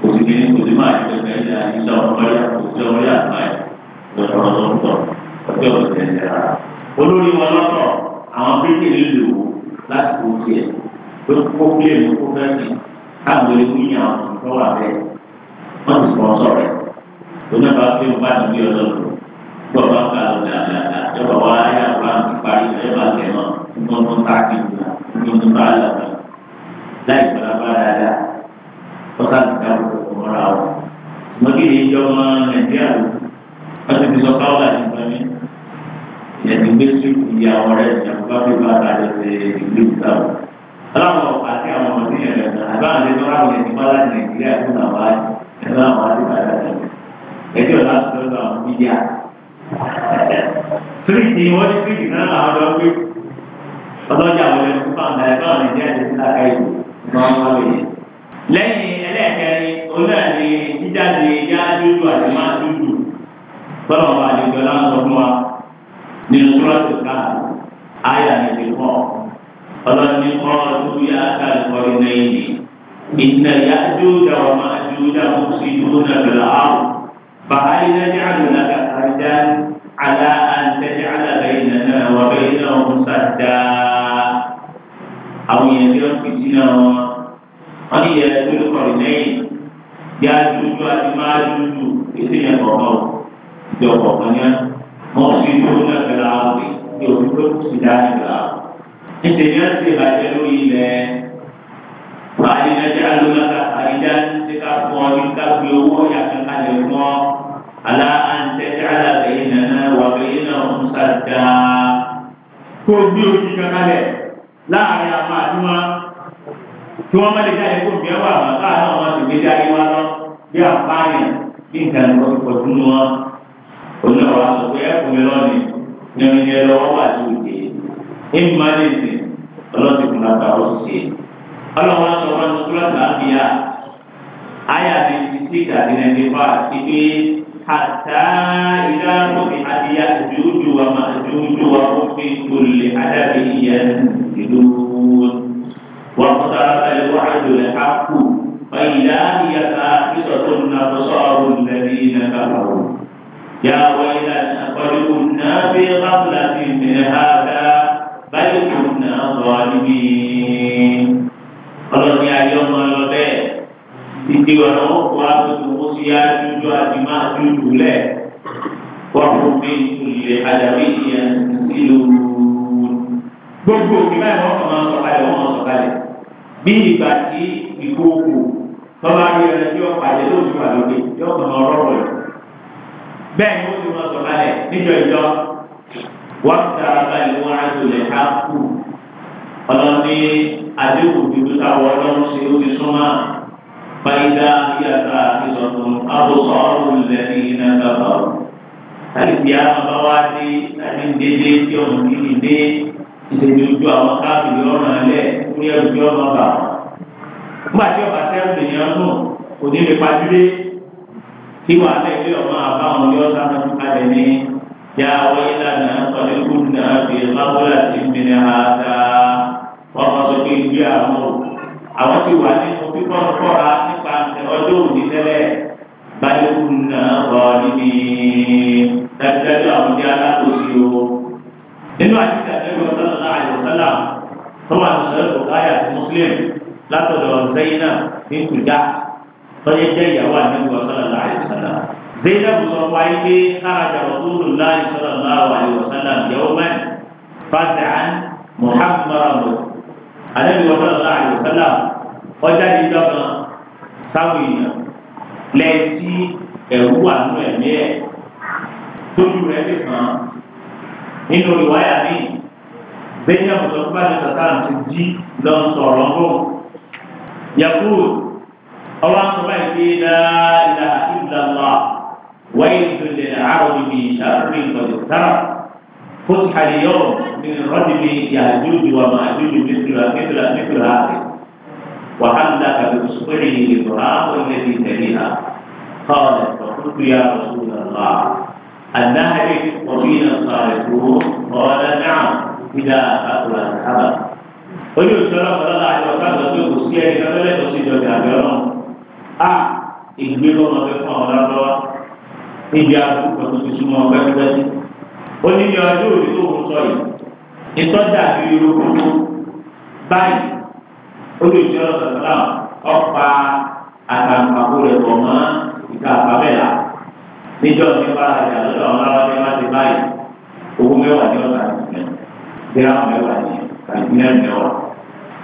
o òsìkò ìlú kò sí máa ní ẹ̀ka ìlú àti ìta ọmọ ọ̀rẹ́ àti ìta ọmọ ọ̀rẹ́ àti ìta ọ̀rọ̀ sọ́kùsọ̀ tí ó tẹ̀ lẹ́ra olórí wọn lọ́tọ̀ àwọn kékeré lò ó láti kó tiẹ̀ tó kó kílèmù kó fẹ́ sí káwọn ewu yìí àwọn tó wà bẹ́ẹ̀ wọ́n ti pọ̀ sọ̀rọ̀ ẹ̀ lónà bá fi ń bá níbi ọlọ́run gbọ́ bá ń ka lọ dáadáa yọba wá yá wá ń parí yọba kẹ náà nínú tó ta kí n gbà nínú tó bá lọ bá láì gbọ́dọ̀ bá dáadáa wọ́n ti dáwọ́ ọmọ ra mọ́kìlì ìjọba nàìjíríà ló kú wọ́n ti fi sọ káwọ́lá ní ìgbàmí ìyẹ̀dì méjì ìyá ọ̀rẹ́ ìjàmbá fi bá àdáyé ṣe ìlú ìsáwọ̀. aláwọ̀ àti àwọn ọmọ tí yẹn lẹ́nu àbáwọn ẹni tó ráwọ̀ yẹn ti bá láti nàìjíríà fún àwọn àti ẹ̀rọ àwọn àti bàtà tẹ̀lé. ẹjọ́ láti lọ́dọ̀ àwọn mídíà. tíríkì wọ́n ní tíríkì náà làwọn lọ pé ọlọ́jà wọlé fún fàǹdà ẹ̀fọ́ nàìjíríà ti ti láka ìlú lẹ́yìn ẹlẹ́ẹ̀kẹrin onáà ni jíjáde yáájú àti tọ́lọ̀ ọba àdìgbò láǹsọ̀ fún wa nínú túrọ́sì ká àyà nìdí kọ́ ọlọ́ni ọ̀ọ́dún yà ká ìkọ́rí náírì ìnà yà júdà wà má júdà kó sí júdà bìlà áwù bàálí lẹ́ni àdùnnà kàkàdá àlá àǹtẹ̀jì àlàbẹ̀yìn náà wà bẹ̀yìn náà wọ́n sàdá àwọn yẹn bí wọ́n fi sí náà wọn wọ́n ní yẹ júdà kọ̀rí náírì yà júdà àti má júdù ètò yẹn kọ̀ọ̀kan jawabannya muksidun fil ardi yufsidun sidani fil ardi intinya si hajalu ile Fahli naj'alu laka harijan jika suamikan biwa yang akan ilmu ala Yang akan bainana wa bainahum sadda ko bi o ti kan kalẹ̀ láàrin àwọn àdúrà tí wọ́n má lè jáde kó bí ẹwà àwọn káàdùn àwọn ti gbé jáde ni lọ bí àpáyà bí nǹkan ìwọ́n ti pọ̀ dúnú wọn oní ọ̀rọ̀ àsopọ̀ ẹ̀kún mi lọ́ọ̀nì ní oní ẹ̀ lọ́wọ́ wà ní òkè ìmọ̀ ní ìsìn ọlọ́ọ̀tì kùnà bá ó sì ṣe ọlọ́wọ́ aṣọ wọn ní kúlọ̀tì àbíyá àyà mi ti sí ìdàdí ẹni bá ti pé àtà ìdá lóbi àbíyá ìdúdú wa máa dúdú wa ó fi olè adábí ìyá ìlú wọn kó sára bẹ́ẹ̀ wá ìdòlẹ̀ á kù fàyìlá ìyàtà ìsọ̀tún náà tó sọ̀rọ̀ lẹ́yìn náà kàwọ́. يا ويلنا بل كنا في غفلة من هذا بل كنا ظالمين ọlọ́ni ayé ọmọ lọ bẹ́ẹ̀ títí ọ̀nà òkú àtúntò sí àjújù àti máa dúdú lẹ̀ wọ́n fún mi ìlẹ̀ àdàbí ìyẹn sílò gbogbo ìgbà ìwọ̀n kan máa ń sọ̀kalẹ̀ wọ́n máa ń sọ̀kalẹ̀ bí ìgbà tí ìkókò tọ́lá rí ẹni tí ó pàdé lóṣù àlòkè yóò kàn máa rọrùn rẹ̀ bẹ́ẹ̀ ni ó ti wọ́n sọ̀kalẹ̀ níjọ ìjọ wọ́n dára báyìí wọ́n á tó lè ká kú ọlọ́ni àdéhùn dúdú táwọn ọlọ́run ṣe ó ti súnmọ́ fàyídá yàtà ìsọ̀tún abọ́sọ̀rọ̀ lẹ́ni iná gbàgbọ́. láti àwọn bá wá dé láti dédé tí ọ̀hún kì í dé ìṣèjú ojú àwọn káàkiri ọ̀ràn alẹ́ fún ẹ̀rù tí ọ̀nà bà. nígbà tí ọ̀bà tẹ́rù lèèyàn nù kò ní lè tí wàá lè fi ọmọ àbáwọn yóò sábà ti kalẹ̀ ní yà wọ ìlànà ọdínkù náà fi lábúlà sí mìíràn àdá wọn kọ sọ pé ìgbé àwọn àwọn ti wà nínú pípọ́ kọ́ra nípa ọjọ́ òní tẹ́lẹ̀ báyìí náà wọ níbi dájúdájú àwọn jẹ́ alákòóso o. nínú àtijọ́ àtẹ́wọ́ sọ́lá àyọ̀sọ́lá tó wà ní sọ́lá bùkáyà muslim látọ̀dọ̀ zainab ní tọ́jú jẹ́ ìyàwó àdébù ọ̀sánlá àìsàlá zainab sọ fún ayé pé káàdà ọ̀túnú láì sọ̀rọ̀ láwà àìsàlá ìyàwó mẹ́rin fàtàn muhammadu àdébù ọ̀sánlá àìsàlá ọjà ìjọ kan sáwọn èèyàn lẹ́ẹ̀tí ẹ̀rú àánú ẹ̀mí ẹ̀ tójú rẹ̀ lè kàn nínú ìwáyà mi zainab sọ fún bàtà sàtàn ti jí lọ sọ̀rọ̀ ń bọ̀ yàgò ọwọ́ لا إله إلا الله ويل للعرب من شر قد اقترب فتح اليوم من رجم يأجوج ومأجوج مثل مثل مثل هذا وهلك بأصبعه إبراهيم الذي تليها قالت فقلت يا رسول الله النهلك وفينا الصالحون قال نعم إذا أكل الحبل ويقول الله عليه وسلم يقول سيدي فلا تصيب بها a ìgbé lọ́nà fẹ́ fún àwọn lábọ́wá níbi àdúgbò tó ti súnmọ́ pẹ́ẹ́pẹ́ẹ́sì ó ní ní ọjọ́ òní tó ń sọ yìí ìtọ́jà bí irúgbó báyìí ó lè jẹ́ ọ̀sán náà ọ̀pá àtàkùnkàkù rẹ̀ pọ̀ mọ́ ìka àbábẹ́là níjọ́ ní bára ìjà lọ́dọ̀ àwọn arábẹ́ má ti báyìí owó mẹ́wàá ní ọ̀sán ìpínlẹ̀ gíráàmù mẹ́wàá ní kàlífínà mẹ́wàá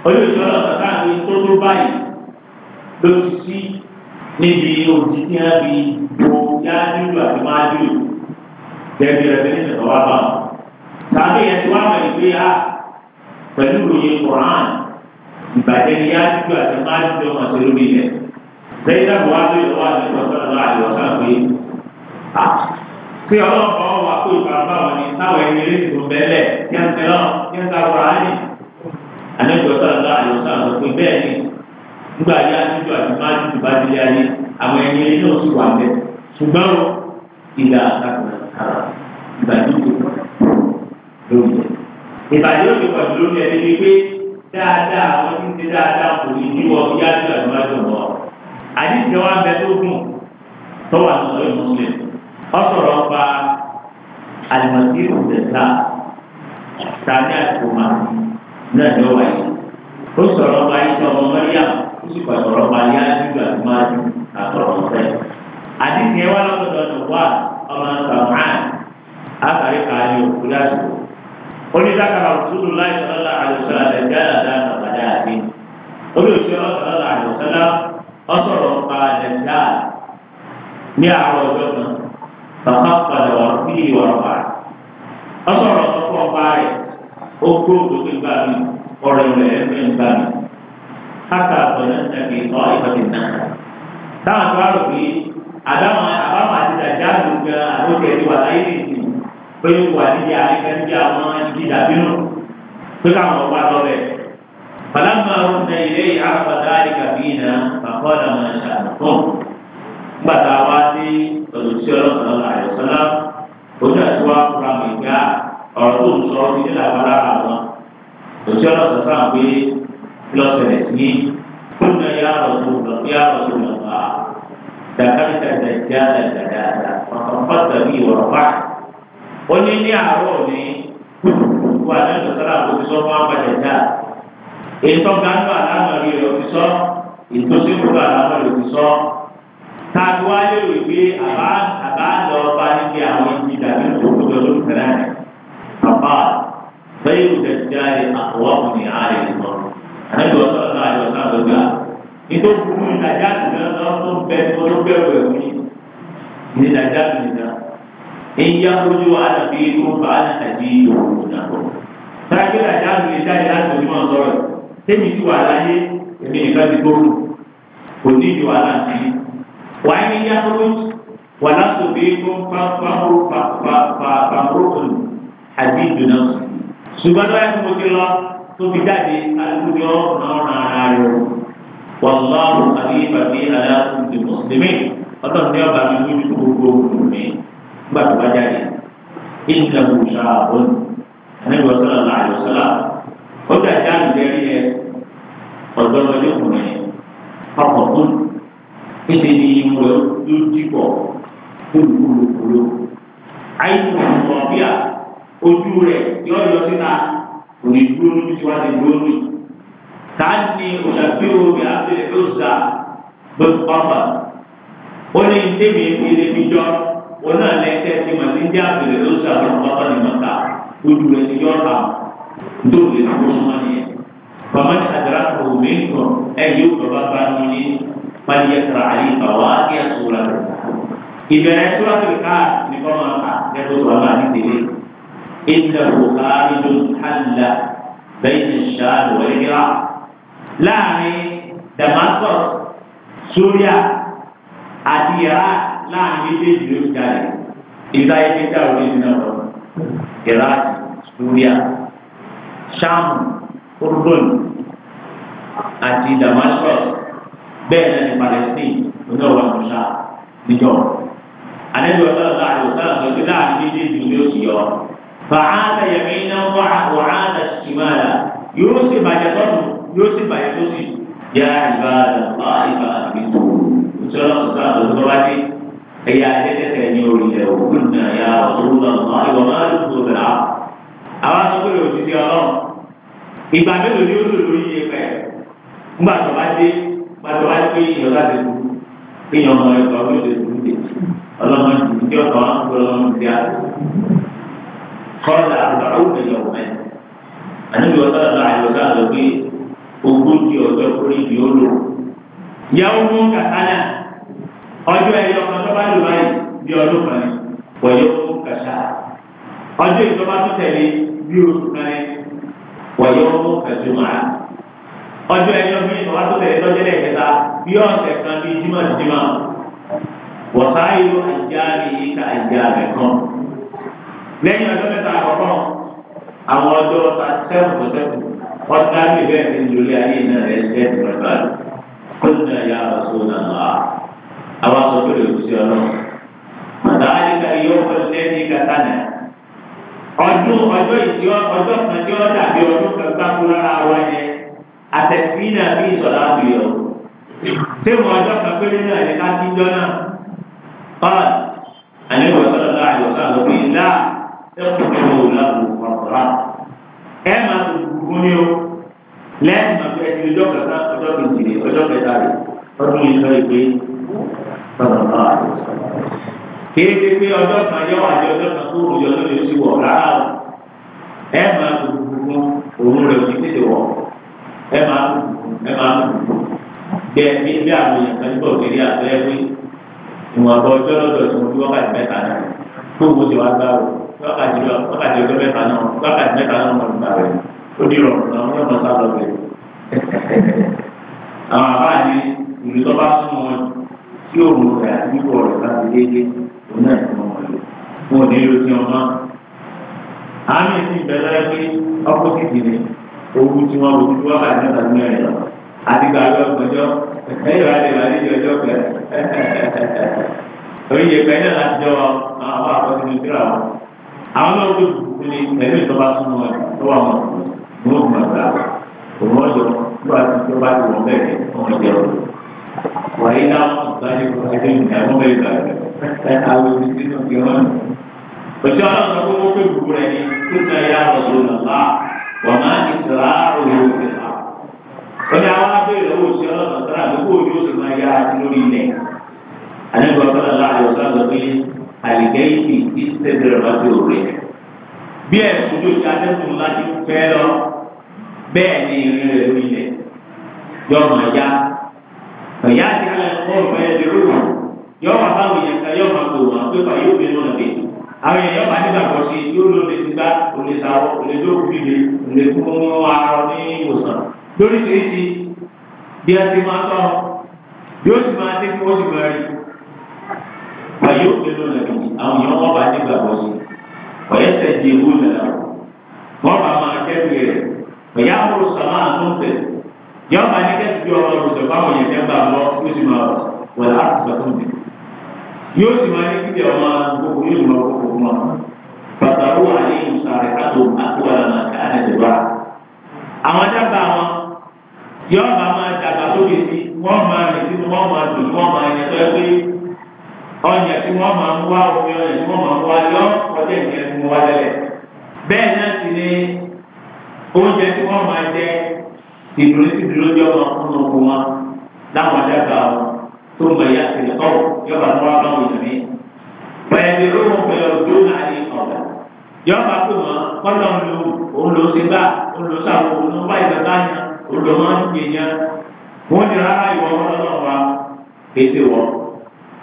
ó lè jẹ́ ọ̀sán náà tó tó báyìí ló ti sí níbi òjì tí wọ́n fi bo yáàdúró àti máàdúró gẹ́gẹ́ rẹ̀ bẹ́ẹ̀ sọ̀rọ̀ wá bá wọn. tàbí ẹ̀ tí wọ́n mọ̀ ìgbé ha pẹ̀lú ìròyìn koran ìbàjẹ́ ni yáàdúró àti máàdúró wọn ṣe lórí ilẹ̀. lẹ́yìn náà wọ́n á lóye lọ́wọ́ àti ìwọ̀sán àti ìwọ̀sán pé ah, pé ọlọ́pàá wọn wà kó ìfarapa wọn ni táwọn ẹni eré ìdùnnú bẹ́ẹ̀lẹ̀ yẹn ń tẹ́lọ̀ yẹn ń ta kura á ní. àlejò sọ̀rọ̀ àlejò sọ̀rọ̀ pé bẹ́ẹ̀ ni nígbà yá àtijọ́ àti máàlì tó bá délé ayé àwọn ẹni ilé náà sì wà mẹ́ ṣùgbọ́n ìgbà àtàkùn kàrà ìbàdí tó kọ̀ lórí ẹ̀. ìbàdí ó ti pọ̀ jù lórí ẹ̀ níbi pé dáadáa àwọn tí ń ṣe dáadáa kò ní bí wọ́n yá àtijọ́ àti máàlì tó wọ̀. àdìsẹ́ wa bẹ tó gùn tó wà lọ́wọ́ ìmúlẹ̀ ọ̀sọ̀rọ̀ pa àlùmọ̀tí ìrùbẹ̀ta tani àti kòmá náà lọ́wọ́ yìí ó sọ̀rọ̀ pa iṣẹ́ ọmọ sípò ìtọ̀rọ̀ parí ájú àti máàjú àtọ̀rọ̀ ọ̀sẹ̀. àdìsí ẹ wá lọ́dọ̀dọ̀ tó wà ọmọ sàmáà àtàrí kàáyé òkú láṣọ. onídàkàrà òṣùlù láì sọ́lá àlùsọ̀lá lẹ́jẹ́ àdá àtàbàdà àti. orí òṣèlú ọ̀sọ̀lá àlùsọ̀lá ọ̀sọ̀rọ̀ pa lẹ́jẹ́ ní àárọ̀ ọjọ́ kan. bàbá padà wà fún ìwà ọ̀sọ̀rọ̀ ọ̀pọ̀ ọ̀pá rẹ̀ ó gbóògbó hátà àtọ̀nà ẹ̀fì ọ̀ ìfọ̀tì náà. táwọn tó wá rò pé àbáwọn àbáwọn àti ìdájà ló gan àwọn òkè ti wà láyé nìyí pé ó wà níbi àríkà níbi àwọn ibi dàbí nù pé káwọn ọba lọ bẹ. fàlámà ọ̀nà ilé àràbàdà àríkà bíi nà àkọọ́dà máa ṣe àlùkùn. gbàtà wá sí olùsí ọlọ́sọ̀rọ̀ àyọ̀sọ́lá ojú àti wá kúra mẹ́gà ọ̀rọ̀ tó ń sọ ilé làbára àwọn òsì ọlọ́sọ̀rọ̀ pé lọ́sẹ̀rẹ̀ ní kúnlẹ̀ yàrá òṣùwọ̀n yàrá òṣùwọ̀n bá dàkàtà dàjálà dàdàdà pàtàkì bí wọ́n bá. ó ní ní àárọ̀ ní wà lẹ́nu sọ́ra àbòsíṣọ́ fún abàjẹ́dá ètò gbàgbà lámàrí rẹ̀ òṣìṣọ́ ètò síkúrò àlámà rẹ̀ òṣìṣọ́ tàbí wáyé rè pé àbá àbá lọ bá níbi àwọn ibi dàbí òkúta lókè náà bàbá bẹ́ẹ̀ ìdàjálè àwọn ọmọ ní àárẹ̀ ìmọ̀ràn àti ọ̀sán ọ̀sán àti ọ̀sán àgbègbè à. nítorí fún ìdájà àtìgbọ́n náà tó bẹ tó ló bẹ̀rù ẹ̀wù ni ní ìdájà àtìgbọ́n. ìyá ojú àdàbí tó bá àdàbí òun nàbọ̀. sáájú ìdájà àtìgbọ́n jáde láti ojúmọ̀ sọ̀rọ̀ tẹ́mi ti wà láyé èmi nìkan ti gbóòrò kò ní ìlú aláǹtí. wàá ní ìyá ojú wàlá tó bí kó fáfáfó fàfáfó àdìjù náà. ṣùgbọ́n tóbi jáde alùpùpù ọ̀nà ọ̀nà ara rẹ̀ o wàlúwàlù àbíyèbàbí aláàbùdè mùsùlùmí ọlọ́run ní ọba mi lójú tó gbogbo mùsùlùmí gbà tó bá jáde ìlú ìṣà àbọ̀n ànábi ọ̀sán ọ̀la àyọ̀sọ́lá ó gbà já àlùjẹ́rí yẹ ọ̀dọ́ ọjọ́ kùnrin ọkọ̀ tó kéde ní ìwé lójúbọ̀ olùkúlùkúlù àyíkú ọ̀bíà ojú rẹ̀ yọ̀ọ́ yọ síta orí dúró ní tí wá ti dúró ní. Tààtì òṣàfihàn omi àbẹ̀rẹ̀ ló sà bẹ́ẹ̀ pàpà. Ó ní ìdébìí ìdílé fi jọ wọn náà lẹ́sẹ̀ tí mà ní jẹ́ àbẹ̀rẹ̀ ló sà bẹ́ẹ̀ pàpà ní mọ́ta. Ojú rẹ̀ ti yọ̀ ta. Dóòlù ẹ̀ tó sọ́mọ́ ni ẹ̀. Bàbá ní àdàrà kò mí kọ̀ ẹ̀ yóò bàbá bá mi ní pàdéyàtàrà àyè bàbá kí ẹ̀ sọ̀rọ̀ إنه خارج حل بين الشام والعراق láàrin Damascus Syria àti Iraq láàrin méjèèjì ló ń jalè ìgbà ẹgbẹ́ tí a wọlé ìdíná lọ Iraq Syria Sham Urdun àti Damascus bẹ́ẹ̀ náà ní Palestine oníwàwà musa níjọ́ alẹ́ bí wọ́n sọ̀rọ̀ láàrin òsàlọ̀ sọ̀rọ̀ láàrin méjèèjì ló ń yọ fàáda yẹ̀mí náà wà wàhálà ìmáàlà yóò sì bàjẹ́ tọ́nu yóò sì bàjẹ́ tó sì yá ìbáàdà wá ìbáàdà mi tó ìṣọ́lá ọ̀sán àtọ́tọ́ wá dé ẹ̀yà àdẹ́tẹ̀tẹ̀ ní orí ẹ̀ òkun náà yá ọ̀tún lọ́nà ìwọ̀n máa ń tó bẹ̀rẹ̀ á. àwọn akọ́kọ́rẹ́ òjijì ọlọ́run ìgbà mélòó ni ó lò lórí iye pẹ̀ ńgbà tó bá dé ńgbà tó bá dé pé ìyọ̀ láti kú kéèyàn ọmọ ẹ̀kọ́ ọmọ ìdè kọ́lá àrùbáwò ní ọ̀pẹ́. àníbi ọ̀sán àlọ́ àyọ̀sán àlọ́ pé ogójì ọjọ́ kúrò ìdí ó lò. ìyàwó mú kàkánà ọjọ́ ẹ̀yọ kan tó bá lò báyìí bí ọdún kan ní wọ̀nyọ́ mú kàṣà. ọjọ́ ìjọba tó tẹ̀lé bí oṣù kan ní wọ̀nyọ́ mú kàjùmọ̀ ọjọ́ ẹ̀yọ bí ìjọba tó tẹ̀lé lọ́jọ́ lẹ́ẹ̀kẹta bí ọ̀sẹ̀ kan bí jímọ̀ jímọ̀ wọ̀sáyò àjáde yìí ká àjáde kan lẹ́yìn ọjọ́ mẹ́ta àkọ́kọ́ àwọn ọjọ́ ta sẹ́wọ̀n tó sẹ́wọ̀n ọ̀dà mi bẹ́ẹ̀ ti ń lulẹ̀ ayé náà rẹ̀ jẹ́ ìrọ̀lá kóńtà ya ọ̀ṣọ́ náà àwọn aṣọ́jú rẹ̀ kùsì ọlọ́run màtá àyíká yóò fọ́ lẹ́yìn kàtàna ọdún ọjọ́ ìdí ọjọ́ kan tí ó dàbí ọdún kan gbáko lára wa yẹn àtẹ̀sí náà bí ìṣọ̀lá bì ọ́ tẹ́wọ̀n ọjọ́ kan péré náà ní ká tẹ́kùtù láàbò pàpàrà ẹ máa tó kúkú ní o lẹ́yìn máa fẹ́ ti ọjọ́ kẹta ọjọ́ kejì ọjọ́ kẹta rẹ̀ ọdún yìí lọ́ọ́ ìpè sọ̀rọ̀ náà kéé ti pé ọjọ́ kan yọ àjọ ọjọ́ kan tó rò yọ lórí oṣù wọ̀ rárá o ẹ máa tó kúkú òun rẹ̀ òní wá gbá o wákàtí wákàtí ọjọ́ mẹ́ta náà wákàtí mẹ́ta náà wọ́n gbà rẹ̀ ó ní ìrọ̀rùn náà wọ́n yọ̀mọ̀ sábà rẹ̀. àwọn àbá ni ìrìnsọ́ bá sún wọn tí òun rẹ̀ àti ìwọ̀ rẹ̀ bá ti déédéé òun náà ti mọ̀ wọ́n lò wọn ò ní ló ti ọmọ. àmì ti bẹ̀rẹ̀ pé ọ́pọ́sìtì ni owó tí wọ́n lò ju wákàtí mẹ́ta ní ẹ̀rọ àdìgbà lọ́gbọ̀njọ́ ẹ̀yọ̀ àdìgbà lọ́gbọ̀njọ́ àwọn náà tó dùn ní ẹ̀mí ìjọba súnmọ́ ẹ̀ tó wà mọ̀ ní ògùn àgbà òun ọ̀yọ́ tó àti tó bá ti wọ̀n bẹ́ẹ̀ ọmọ ìjọ wàyí láwọn ìgbàlẹ̀ ẹgbẹ́ ìgbà ẹ̀wọ̀n bẹ́ẹ̀ gbà ẹ̀ àwọn ìdílé náà fi hàn. òṣìṣẹ́ ọlọ́run tó kókó pé gbogbo rẹ̀ ní kíkà ya ọ̀dọ́ nàbà wọ́n máa ń ìtura òye òkè ha. ó ní àwọn abẹ́rẹ́ òṣìṣẹ́ ọlọ́run àlìgẹ́yìí ti sẹ́dẹ̀rẹ̀ lọ́dẹ òwe rẹ̀. bí ẹ̀sùn yóò ṣe atẹ́kùn láti fẹ́ lọ bẹ́ẹ̀ ni ìrìn rẹ̀ lórí ilẹ̀ yọmọ ya ọ̀yá ti alẹ́ kọ́ ọ̀fẹ́ ẹ̀dẹ̀ rúbù yọmọ báwo yẹn ká yọmọ kò wọ́n pé fà yóò bínú ọ̀dẹ̀ àwọn èèyàn yọmọ nígbàgbọ́ sí yóò lọ lè ti gbá olè sáwọ́ olè tó kú bíbe olè kú mú arọ ní ìwòsàn lóríṣiríṣi bí a ti máa tọ́ yóò sì máa dé kí wọ́n sì máa rí wàyí ó kéde lẹ́nu àwọn yẹn wọ́n bá nígbà bọ́ sí wọ́yẹ́ sẹ́jì ewu lẹ́la wọ́n bá máa kẹ́kẹ́ rẹ̀ wọ́yẹ́ àbúrò sàmà àtúntẹ̀ yọ́n bá ní kẹ́kẹ́ bí ọmọ rẹ̀ fáwọn yẹn kẹ́kẹ́ lọ yóò sì máa wọ̀lá àtúntẹ̀ tó ń yóò sì máa ní kíkẹ́ ọmọ gbogbo yóò si ma gbogbo wọn pàtàkó àlẹ́ ìmùsàrẹ̀ kátó àkúwàlà náà ká yọọ bá máa dàgbà wọn máa wọn ọjà tí wọ́n máa ń wá omi ọjà tí wọ́n máa ń wá lọ ọjà ìjẹ́ tí wọ́n wá lẹ́lẹ̀. bẹ́ẹ̀ náà sì ni oúnjẹ tí wọ́n máa jẹ ìdúró sí ìdúró jọ máa fún ọkọ wọn láwọn adága tó ń bẹ̀yà sí ọ̀pọ̀ yọba tó wá báwọn èèyàn mi. pẹ̀lú ìrònú pẹ̀lú ọdún náà ní ọ̀gá yọba tó mọ̀ kọ́lọ̀ ń lo òun ló ṣe bá òun ló ṣàwọn òun ló wá ìgbàgbá yẹn òun ló máa ń gbìyànjú.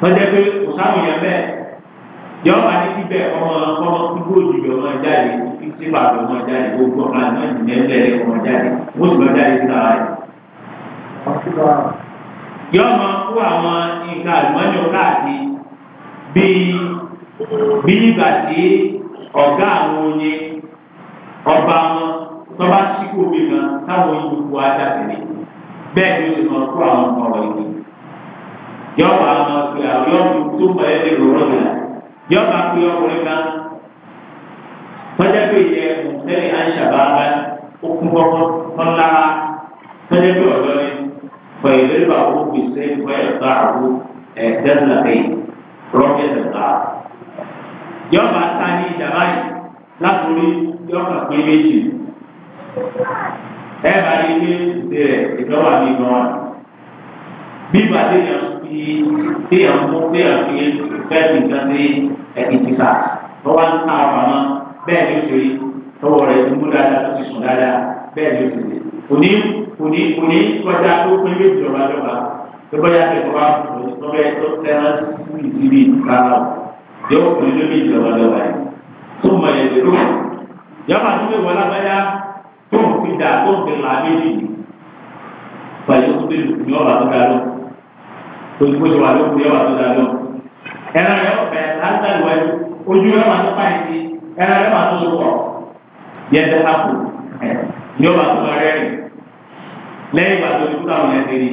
tọ́jẹ́ pé kò sáwọn yẹn bẹ́ẹ̀ yọ wà ní síbẹ̀ ọmọ ọmọ kúrò jù bẹ̀ ọmọ jáde títí bá bẹ̀ ọmọ jáde gbogbo ọmọ àti ọmọ ìdílé bẹ̀rẹ̀ ọmọ jáde wọ́n sì máa jáde síra rẹ̀. yọ máa kó àwọn nǹkan àlùmọ́nì káàkiri bíi bí nígbà tí ọ̀gá àwọn oyin ọba wọn tọ́ba síkò mi kan táwọn oyin gbogbo ajá tẹ̀lé bẹ́ẹ̀ ni ó sì máa kó àwọn ọ̀rọ̀ ìgbìmọ̀ yọ wà á máa pè àwọn yọ fi tó mọ ẹni rọrọ yà yọ máa pè ọkùnrin kan tọ́jà pé yẹ mùsẹ́lẹ̀ àṣàbáwá okùn kọ́kọ́ tọ́lá tọ́jà pé ọ̀dọ́ ni pẹ̀lú ìrẹ́lẹ́bà owó gbèsè pẹ̀lú ẹ̀ka àwọ ẹ̀ẹ́dẹ́gbẹ̀lá ẹ̀yìn rọ́ọ̀kì ẹ̀dẹ̀gbà. yọ máa ta ní ìjàmbá yìí látòrí yọ kà méjì ẹ̀ bá yẹ kí ìdílé ìjọba mi gan-an bí bàtẹ́ yẹn ti téèyàn mú téèyàn fi bẹ́ẹ̀ sì nǹkan sí ẹ̀kìn títà lọ́wọ́ ń ta àbámọ́ bẹ́ẹ̀ ni ó ṣe rí tọwọ́ rẹ̀ ti mú dáadáa tó ti sùn dáadáa bẹ́ẹ̀ ni ó ṣe rí òní òní òní kọjá tó pín méjì jọba jọba tó bọ́jà kẹ́kọ̀ọ́ bá tó bẹ́ẹ̀ tó tẹ́lá sí ìdílé rárá o yóò pín méjì jọba jọba yìí tó mọ ẹ̀ lérò yàrá tó lè wọ lábẹ́yà tó ń fi dà tó ń fi là méjì pàyẹ́ tó lè lù ní ọ̀rọ̀ àtúndà lọ́wọ́ torí kó ṣe wà ló kúrẹ́ wà tó dáa lọ. ẹran rẹ̀ ọ̀fẹ́ látàlú ẹ̀ ojú rẹ̀ wà tó pàì sí ẹran rẹ̀ wà tó sọ̀rọ̀ yẹn tẹ hapò ní ọba tó lọ rẹ́rìn lẹ́yìn ìgbà tó ti kú táwọn ẹ̀ tẹ̀lé.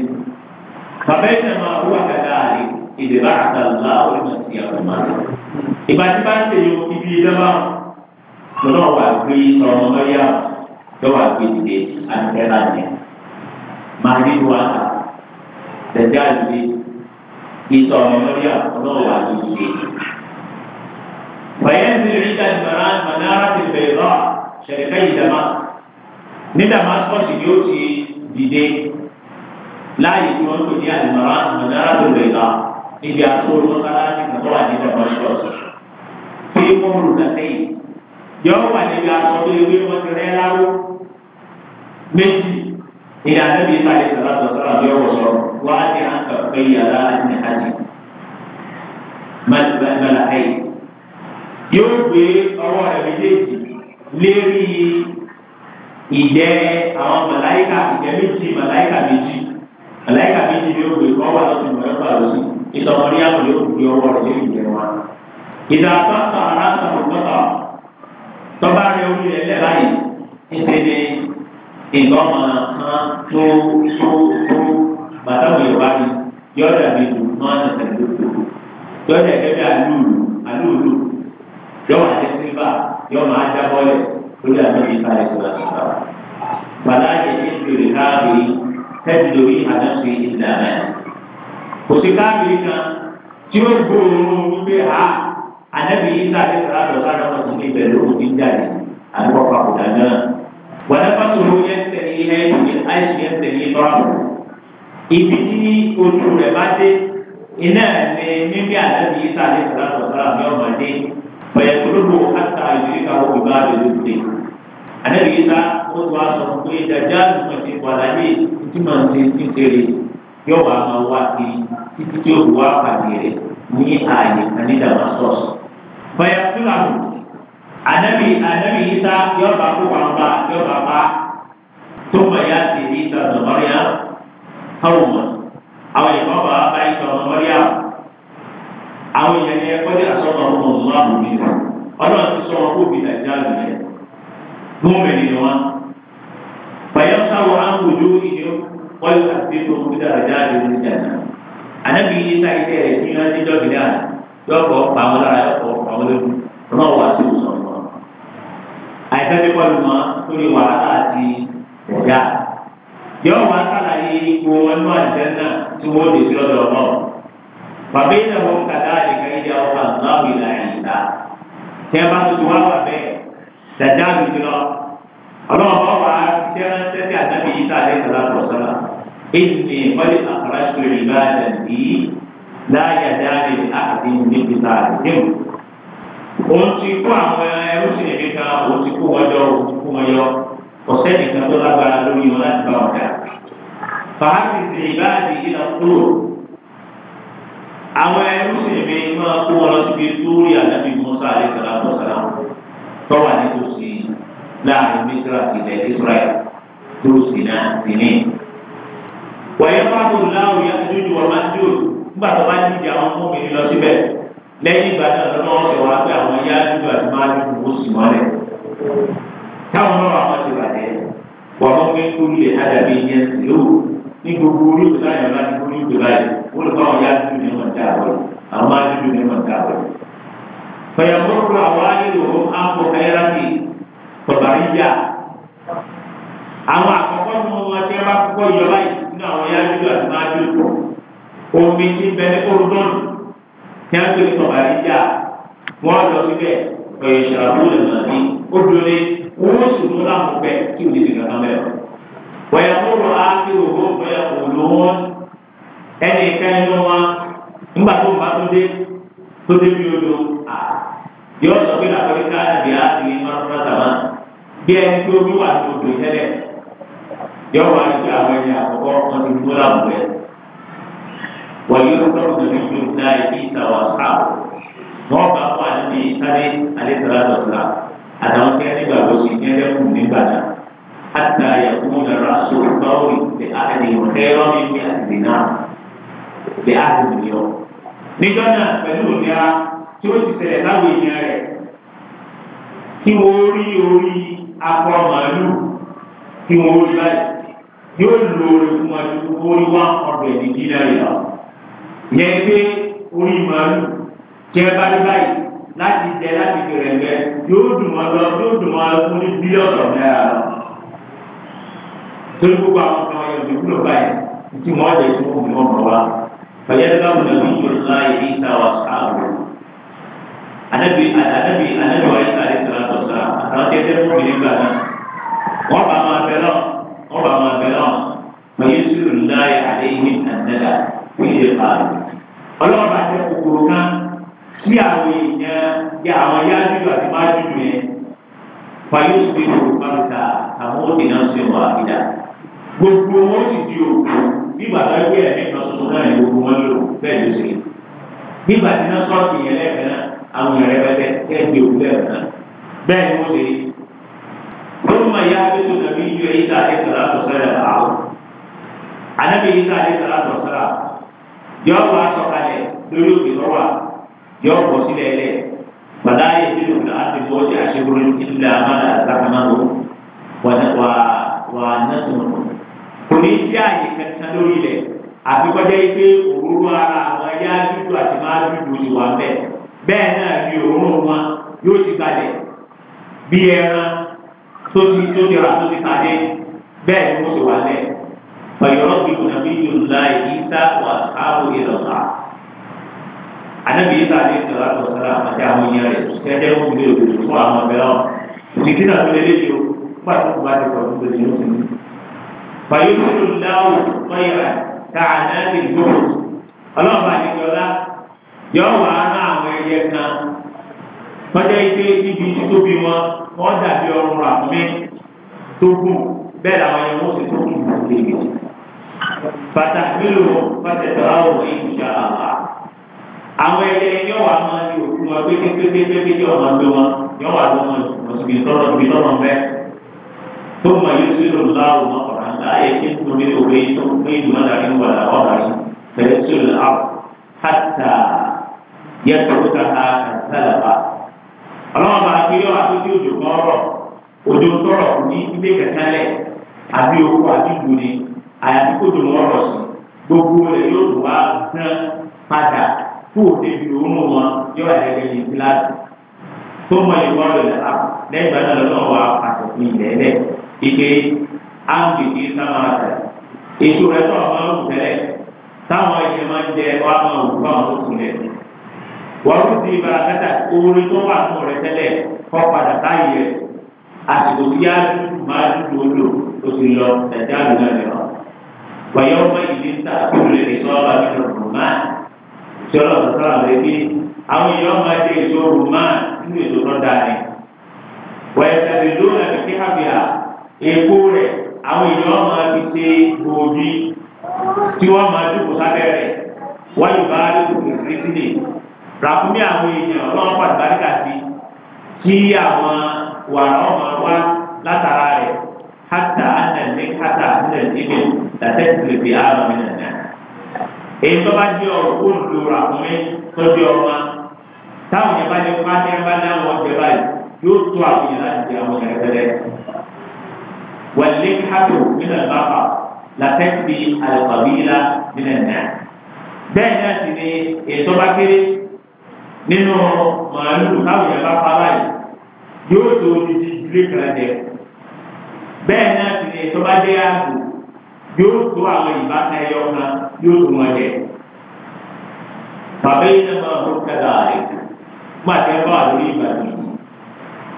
bàbá ìṣẹ̀ máa wú àgàgà àlè ìdèbà àtàlá orí màá ti àwọn máa lọ. ìgbà tí bá ń tẹ̀lé ibi ìjọba lọ́wọ́ wà gbé ọmọ lọ́yà lọ́wọ́ àgbé ìdè àti ẹ̀rọ àjẹ. màá ní wàhálà tẹ̀lé ìtọ̀ ọmọ mẹ́rin ọlọ́wọ́ àdúgbò. Fàyẹ́nsì ríta ìmọ̀ràn Mànára ti bẹ̀rẹ̀ lọ ṣẹ̀rẹ̀fẹ́ ìdàmà. Ní Dàmásọ́ọ̀sì ni ó ti dìde láàyè tí wọ́n tó ní àdìmọ̀ràn Mànára ti bẹ̀rẹ̀ lọ níbi àtúrò mọ́sálásí kàtó wà ní Dàmásọ́ọ̀sì. Fi kọ́mùrù dàtẹ́yìn. Yọ wà níbi àtọ́jú ewé wọn ti rẹ́ láwó. Méjì ìdàgbẹ́bí ìtàlẹ̀ sọ̀rọ̀ sọ̀rọ̀ واسعا كفي على أن حجم ملحين yóò gbé ọwọ́ rẹ̀ méjèèjì lérí ìdẹ àwọn màláìkà ìdẹ méjì màláìkà méjì màláìkà méjì ni ó gbé kọ́ wà lọ́sùn ìmọ̀ ẹ̀fà lọ́sùn ìtọ̀mọ̀rí àwọn yóò gbé ọwọ́ rẹ̀ lérí ìdẹ wọn. ìdá àtọ́sọ aráàlú ọ̀tọ́tọ̀ tọ́ba rẹ̀ orí rẹ̀ lẹ́ báyìí ń ṣe ní ìgbọ́mọ̀ kan tó tó tó bàtà wòye wá ní yọ̀dà mi lò má nà tẹ̀lé lòlò yọ̀dà ẹ̀kẹ́ bí alúlù alúlù yọ̀wà tẹ̀ sílvà yọ̀mà ajábọ́lẹ̀ lórí àbẹ̀bí sáré sọ̀rọ̀ sọ̀rọ̀ bàtà yẹ kí n bèrè káàbìrì tẹ́tù lórí àdánsì ìlànà kò sí káàbìrì kan tí ó gbòòrò wípé ha ànábì yìí sáré sọ̀rọ̀ sọ̀rọ̀ sọ̀rọ̀ sọ̀rọ̀ ìbẹ̀rù ibi tí ojú rẹ̀ bá dé iná ní mímí àdábì yìí sáré ìsàlátọ̀ sára ní ọmọdé fẹ̀yẹ̀kúlógbò àtà ìdíríkà òbí bá rẹ̀ lóde. àdábì yìí sá ó tó aṣọ pé ìdájá àlùmọ̀ ti wà láyé tí màá ti ti tèrè yóò wá máa wá kiri títí tí ó wá pàdé rẹ̀ ní ààyè kan ní Damascus. fẹ̀yẹ̀kúlógbò àdábì àdábì yìí sá yọ̀ọ̀bà kó wà ń bá yọ̀ọ̀bà bá tó mọ̀ káwọn mọ̀ àwọn èèyàn bá bàbá bá ìtọ̀ ọmọ rí àwọn àwọn èèyàn ní ẹgbẹ́ ní àsọ̀tọ̀ ọmọ ọ̀sùn láàbù mi rẹ̀ ọlọ́run ti sọ wọn kó bí nàìjíríà lù rẹ̀ gómìnà ni wọn. bàyọ̀ sáwọ́ àǹkójú ìyó wọ́n yóò àti tó kó dára jáde ní ìjànà. ànábì yìí ta iṣẹ́ rẹ̀ ní wọn níjọ́ gíga yọkọ̀ pàmò lára yọkọ̀ pàmò lẹ́nu ọmọ wa sí ìwòsàn wọn. àìsàn ti pọ̀ lù wọn lórí wàhálà àti ẹ̀dá yóò wá sàlàyé ipò wọn ní àjẹ́nà tí wọ́n lè fi ọ̀dọ̀ náà. bàbá ilẹ̀ wọn kàdá àdìgá ilé ọba láwùí là ìta. tẹ́ bá tuntun wá wà bẹ́ẹ̀ dàjà àdùjú lọ. ọlọ́run bá wà á tẹ́ ránṣẹ́ sí àtàbí yìí sáà lẹ́sẹ̀ látọ̀ sọ́la. èyí wọlé àkàràṣọ ìbáàdàn yìí láàyè dáadé àti níbi sáà dẹ́mu. òun ti kó àwọn ẹrú sí ẹ̀mí kan òun ti kó wọn jọ òun ti kó wọn yọ ọ̀sẹ̀ nìkan tó lágbára lórí wọn láti bá wọn dà. fàájì sí ìbáàdì ìlà kúrò àwọn ẹrú sì mi máa kó wọn lọ síbi sórí ànábì Musa àlẹ́sàlá bọ́sàlá tọ́wà nítòsí láàrin Mísírà ilẹ̀ Israẹl tó sì náà sí ní. wàyẹ fáwọn olùdáwò yẹn tó ju ọmọ àti òòlù nígbà tó bá ń díje àwọn ọmọ lọ síbẹ̀ lẹ́yìn ìgbà náà lọ́wọ́ ṣe pé àwọn yáa dúdú àti máa dúdú ó sì mọ́lẹ̀ táwọn náà àwọn ti bàjẹ́ wà wọ́n fi kú lè ádàbí yẹn lóru ní gbogbo orí òkè láyé ọ̀la ní orí òkè láyé wọ́n lè fáwọn yá dúdú ní wọn dáa wọlé àwọn máa dúdú ní wọn dáa wọlé. fẹ̀yàmọ́rù àwọn ayélujára á ń bọ̀ káyára sí bàbá yíyá àwọn àkọ́kọ́ ní wọn ti bá kọ́kọ́ yọ báyìí nínú àwọn yá dúdú àti máa dúdú omi ti bẹ ní kóródọ́nù kí á gbé bàbá yíyá wọ́n lọ síbẹ̀ pẹ̀lú obìnrin owó sùnmù láwọn pẹ kí o lè fi kàkà mẹ o wọ́yà kúrò ákìrò owó wọ́yà kúrò wọn ẹnì kẹ́hìn wọn ńgbà tó ń bá tó dé tó dé bí odò yọ sọ pé làkọ́lé káàdì bí áàdì mọ́tòmọ́tò àmà bí ẹni tó bí wà tó dò tẹ́lẹ̀ yọ wà ní àwọn ẹni àkọ́kọ́ wọn ti kúrò àwọn ẹ̀ wọ́n yóò tọ́jú tòbí tó ń dá ibi ìtawà sáà wọ́n bá wà níbi sáré alẹ́ sàrà lọ́sàá àtàwọn tẹ́ nígbàgbọ́ sí ẹlẹ́kù nígbà náà àtà yàtúmọ̀ yàrá sórí báwòrì lè àdì ọ̀tẹ́rọ́ mi ní àdìdì náà lè àdìdì mi ọ. níjọ́ náà pẹ̀lú òmìnira tí ó ti ṣẹlẹ̀ láwọn èèyàn rẹ̀ kí wọ́n rí orí akọ màálù kí wọ́n rí báyìí yóò lo orí fún wa ju orí wá ọ̀dọ̀ ẹ̀dí dídá yìí lọ. yẹn pé orí màálù jẹ́ báyìí báyìí láti jẹ láti kẹrẹ gbẹ yóò dùn wọn lọ yóò dùn wọn lọ fún ní bílíọ̀nù náírà lọ. torí gbogbo àwọn kan yẹn òbí wúlò báyìí tí wọn jẹ tó wọn mọ ọmọ wa. fàyẹ́dẹ́ bá wùdà bí yóò lọ ayé ní ìta wa sáàbù. anabi anabi anabi wa ìta àti sara tó sara àtàwọn tẹ́tẹ́ fún mi nígbà náà. wọ́n bá máa bẹ̀ lọ wọ́n bá máa bẹ̀ lọ. fàyẹ́ sùrù ńlá yà àlẹ́ yìí tí àwọn èèyàn ya àwọn ya dúdú àti má dúdú yẹn fayó sí olùkọ́nùkà àwọn òde náà sí wọn àbídà gbogbo wọn sì di òkú nígbà tó ẹgbẹ́ ẹ̀mí kan tuntun náà ní gbogbo wọn lò bẹ́ẹ̀ ló sì nígbà tí náà sọ́ọ̀tì yẹn lẹ́ẹ̀kan náà àwọn èèyàn rẹpẹtẹ kẹ́ẹ̀dì òkú lẹ́ẹ̀kan náà bẹ́ẹ̀ ni wọ́n lè lọ́mọ ya tó nàbí ju ẹ̀yíta ẹ̀sọ̀rọ̀ àtọ̀sọ̀rọ̀ àwọn anábì yọ bọ̀ sílẹ̀ ẹlẹ̀ bàtà yẹ kí lóògùn àti bọ́ sí àṣekúrò ìlà àmàlà àtàkàmàlò wà wà nàtún. kò ní sí àyè kankan lórí ilẹ̀ àfikọ́jà yìí pé òwúrọ̀ ara àwọn ẹyà dúdú àti máa dúdú ti wà mẹ́ bẹ́ẹ̀ náà ni òórùn wọn yóò ti gbalẹ̀ bí ẹran tó ti tó ti rà tó ti tàdé bẹ́ẹ̀ ni wọ́n ti wà lẹ̀. pẹ̀lú ọ̀gbìn kùnà bí yorùbá yìí sá wà áwòye lọ́ta anabi isa alayhi salatu wa salam àti àwọn èèyàn rẹ̀ kẹ́kẹ́ ó wúlò òdòdó fún àwọn ọ̀bẹ náà ìdí náà tó lélẹ́ yìí ó pàṣẹ kó bá ti pọ̀ tó lè lóṣù ní. fàyọ̀sọ̀rọ̀ láwù lọ́yà ká ànáàlì gbòòrò ọlọ́ọ̀bà àdìgbọ́lá yọ wà á ná àwọn ẹyẹ kan tọ́jà ike ibi títóbi wọn wọ́n dàbí ọrùn ràmí tó kù bẹ́ẹ̀ làwọn ẹyẹ wọn sì tó kù lókè. bàtà mílò pàṣẹ tọ́lá òun ìṣàlá àwọn ẹlẹ́yìn yóò wà máa di òkú wọn pépépépépé yóò máa gbé wọn yóò wà lọ́mọ ìmọ̀sùnmí tọ́lọ̀ ìbí tọ́lọ̀ ń bẹ́ tó mọ yóò sí lòun láàrú mọ́ ọ̀ràn láàyè kí n tó ní òwe tó ń pín ìdùnnú àdáyé wà láwọ́ báyìí fẹ̀rẹ̀ sí òun láàrú hàtà yẹtọ̀ tó ká ha kàtàlàbà ọlọ́wọ́n bá fi yọ àtúntí òjò kọ́rọ̀ òjò tọrọ ní ilé kẹtẹ́lẹ̀ àbí òkú àbí ìgbòni àyàfi kó tó lọ́rọ̀ sí gbogbo rẹ̀ yóò wá ń padà tó o ti dùn ún wọn yóò yẹ kí ní kíláàsì tó mọ ìwọ́n lọ lẹ́la lẹ́yìn ìgbà náà lọ́wọ́ wa àtọ̀kùn ilẹ̀ lẹ̀ ike áńgì ní sábàá rẹ̀ ètò rẹ̀ tó àwọn ọmọ òkútẹ́lẹ̀ táwọn ẹ̀jẹ̀ máa ń jẹ wá máa wù fún àwọn òkúlẹ̀ wọ́n tún ti ibà kẹta orin tó wà fún rẹ̀ tẹ́lẹ̀ kọ́ padà báyìí rẹ̀ àsìkò tí a dúdú máa dúdú odò tó ti lọ ẹ̀jẹ̀ àlùmọ́ rẹ̀ wọ́n yọ ọmọ ìdí ń ta àkókò rẹ̀ ní sọ́ọ́ tí ọlọ́run sọ̀rọ̀ àwọn ẹbí àwọn èèyàn máa jẹ ìṣòro máa nínú èso tó dáa ni. wọ́n ẹ̀ka lè ló ẹ̀mí kí àbíà èkó rẹ̀ àwọn èèyàn máa fi ṣe gbòòbí tí wọ́n máa dúkù sábẹ́ rẹ̀ wọ́n yóò bá lóògùn kìrìsìnì ràkúnmí àwọn èèyàn ọlọ́run pàdé báríkà sí kí àwọn wàrà ọmọ wa látara rẹ̀ hátà ánà ní hátà ánà níbẹ̀ làtẹ́sílẹ̀ fi èyí tó bá jẹ́ ọ̀rọ̀ kó ń lo ra fún mi tó jẹ́ ọmọ táwọn yẹn bá jẹ fún adé bá dá wọn jẹ báyìí yóò tó àwọn yẹn láti jẹ àwọn yẹn tẹ́lẹ̀ wàlẹ́ kátó nínú ìbáfà làtẹ́sí àlùkàbíyìlá nínú ẹ̀nà bẹ́ẹ̀ náà sì ni ètò bá kéré nínú màálù táwọn yẹn bá pa báyìí yóò tó odidi ìdílé kan bẹ́ẹ̀ náà sì ni ètò bá jẹ́ àgbò yóò tó àwọn ìbátan ẹyọ kan yóò tó wọn jẹ bàbá yìí náà máa ń kẹta rẹ má jẹ bá lórí ìbàdí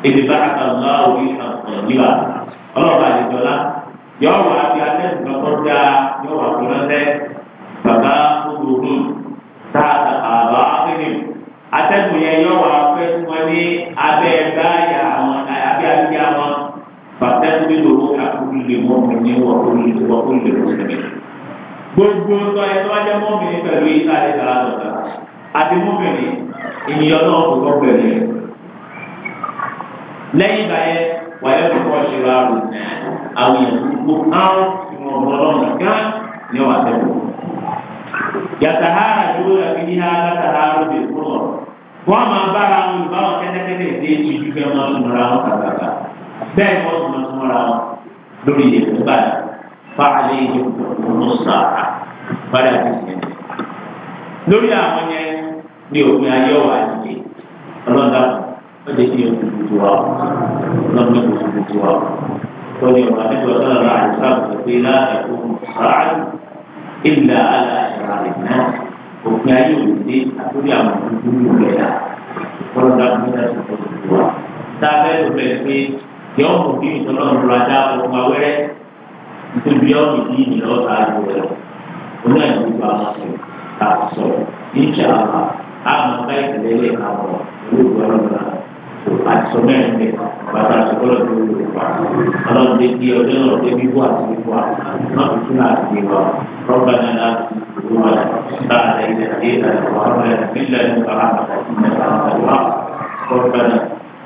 èdè bá àkàlà òbí àkàlà níwà ọlọ́ọ̀bà àdìgbọ́lá yọ wà á fi atẹ́sùn lọ́kọ́ dá yọ wà tó lọ́sẹ̀ bàbá ó dòdò tá a bá a bá yẹn yọ wà وكل المسلمين gbogbo ọtọ ẹ tó wájẹ mọmìnì pẹ̀lú ìta ẹ tàrà lọta àti mọmìnì ènìyàn náà kò tọ pẹ̀lú ẹ lẹ́yìn ìgbà yẹn wàyẹ tó kọ ṣèlú àrùn àwọn èèyàn gbogbo àwọn ìwọn ọmọ Ọlọ́run gán ni wọn àtẹwò yàtàhárà dúró àti ní alátàhárà bẹ́ẹ̀ fún ọ wọn máa bára wọn ìbáwọn kẹ́tẹ́kẹ́tẹ́ ìdí èyí ju fẹ́ wọn súnmọ́ra wọn kàkàkà bẹ́ẹ̀ wọn súnmọ́ súnmọ́ra wọn lórí ìdè tó báyìí fàálẹ̀ ìmùsà padà ní ìsìn lórí àwọn yẹn ní òpin ayé wà nílé ọlọ́dà ọdẹ ní oṣù tó wà ọlọ́dà oṣù tó wà lórí ọ̀rọ̀ àdébọ̀ sọ̀rọ̀ náà àìsà òṣèlú láàbẹ̀kọ́ sàárù ìlà àlàyé rẹ̀ náà òpin ayé òṣèlú àtúndì àwọn ìdúró rẹ̀ náà ọlọ́dà ọdẹ oṣù tó wà. tábẹ́lú rẹ̀ pé yọ̀ọ́ mú kí ìtọ́lọ́run lọ ajá ọmọ nítorí ọ̀gbìn tí ìdí náà ta ju rẹ̀ òun náà ní gbogbo àwọn ọ̀sẹ̀ ta sọ níjà àbá àmọ́ bá ìtẹ̀lẹ́ lè ka wọ̀ olóògbé ọlọ́dà tó àtisọ mẹ́rin lè bàtà àtìkọ́lọ̀ tó lè wà ọlọ́run lè di ọjọ́ náà lè bí wà sí wà náà fi tún àti wà rọ́bà náà láti ìlú wà láàrin ilẹ̀ àti ìlànà wà rẹ̀ nílẹ̀ nípa àwọn ربنا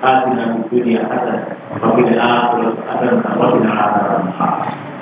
آتنا في الدنيا حسنة وفي الآخرة حسنة وقنا عذاب النار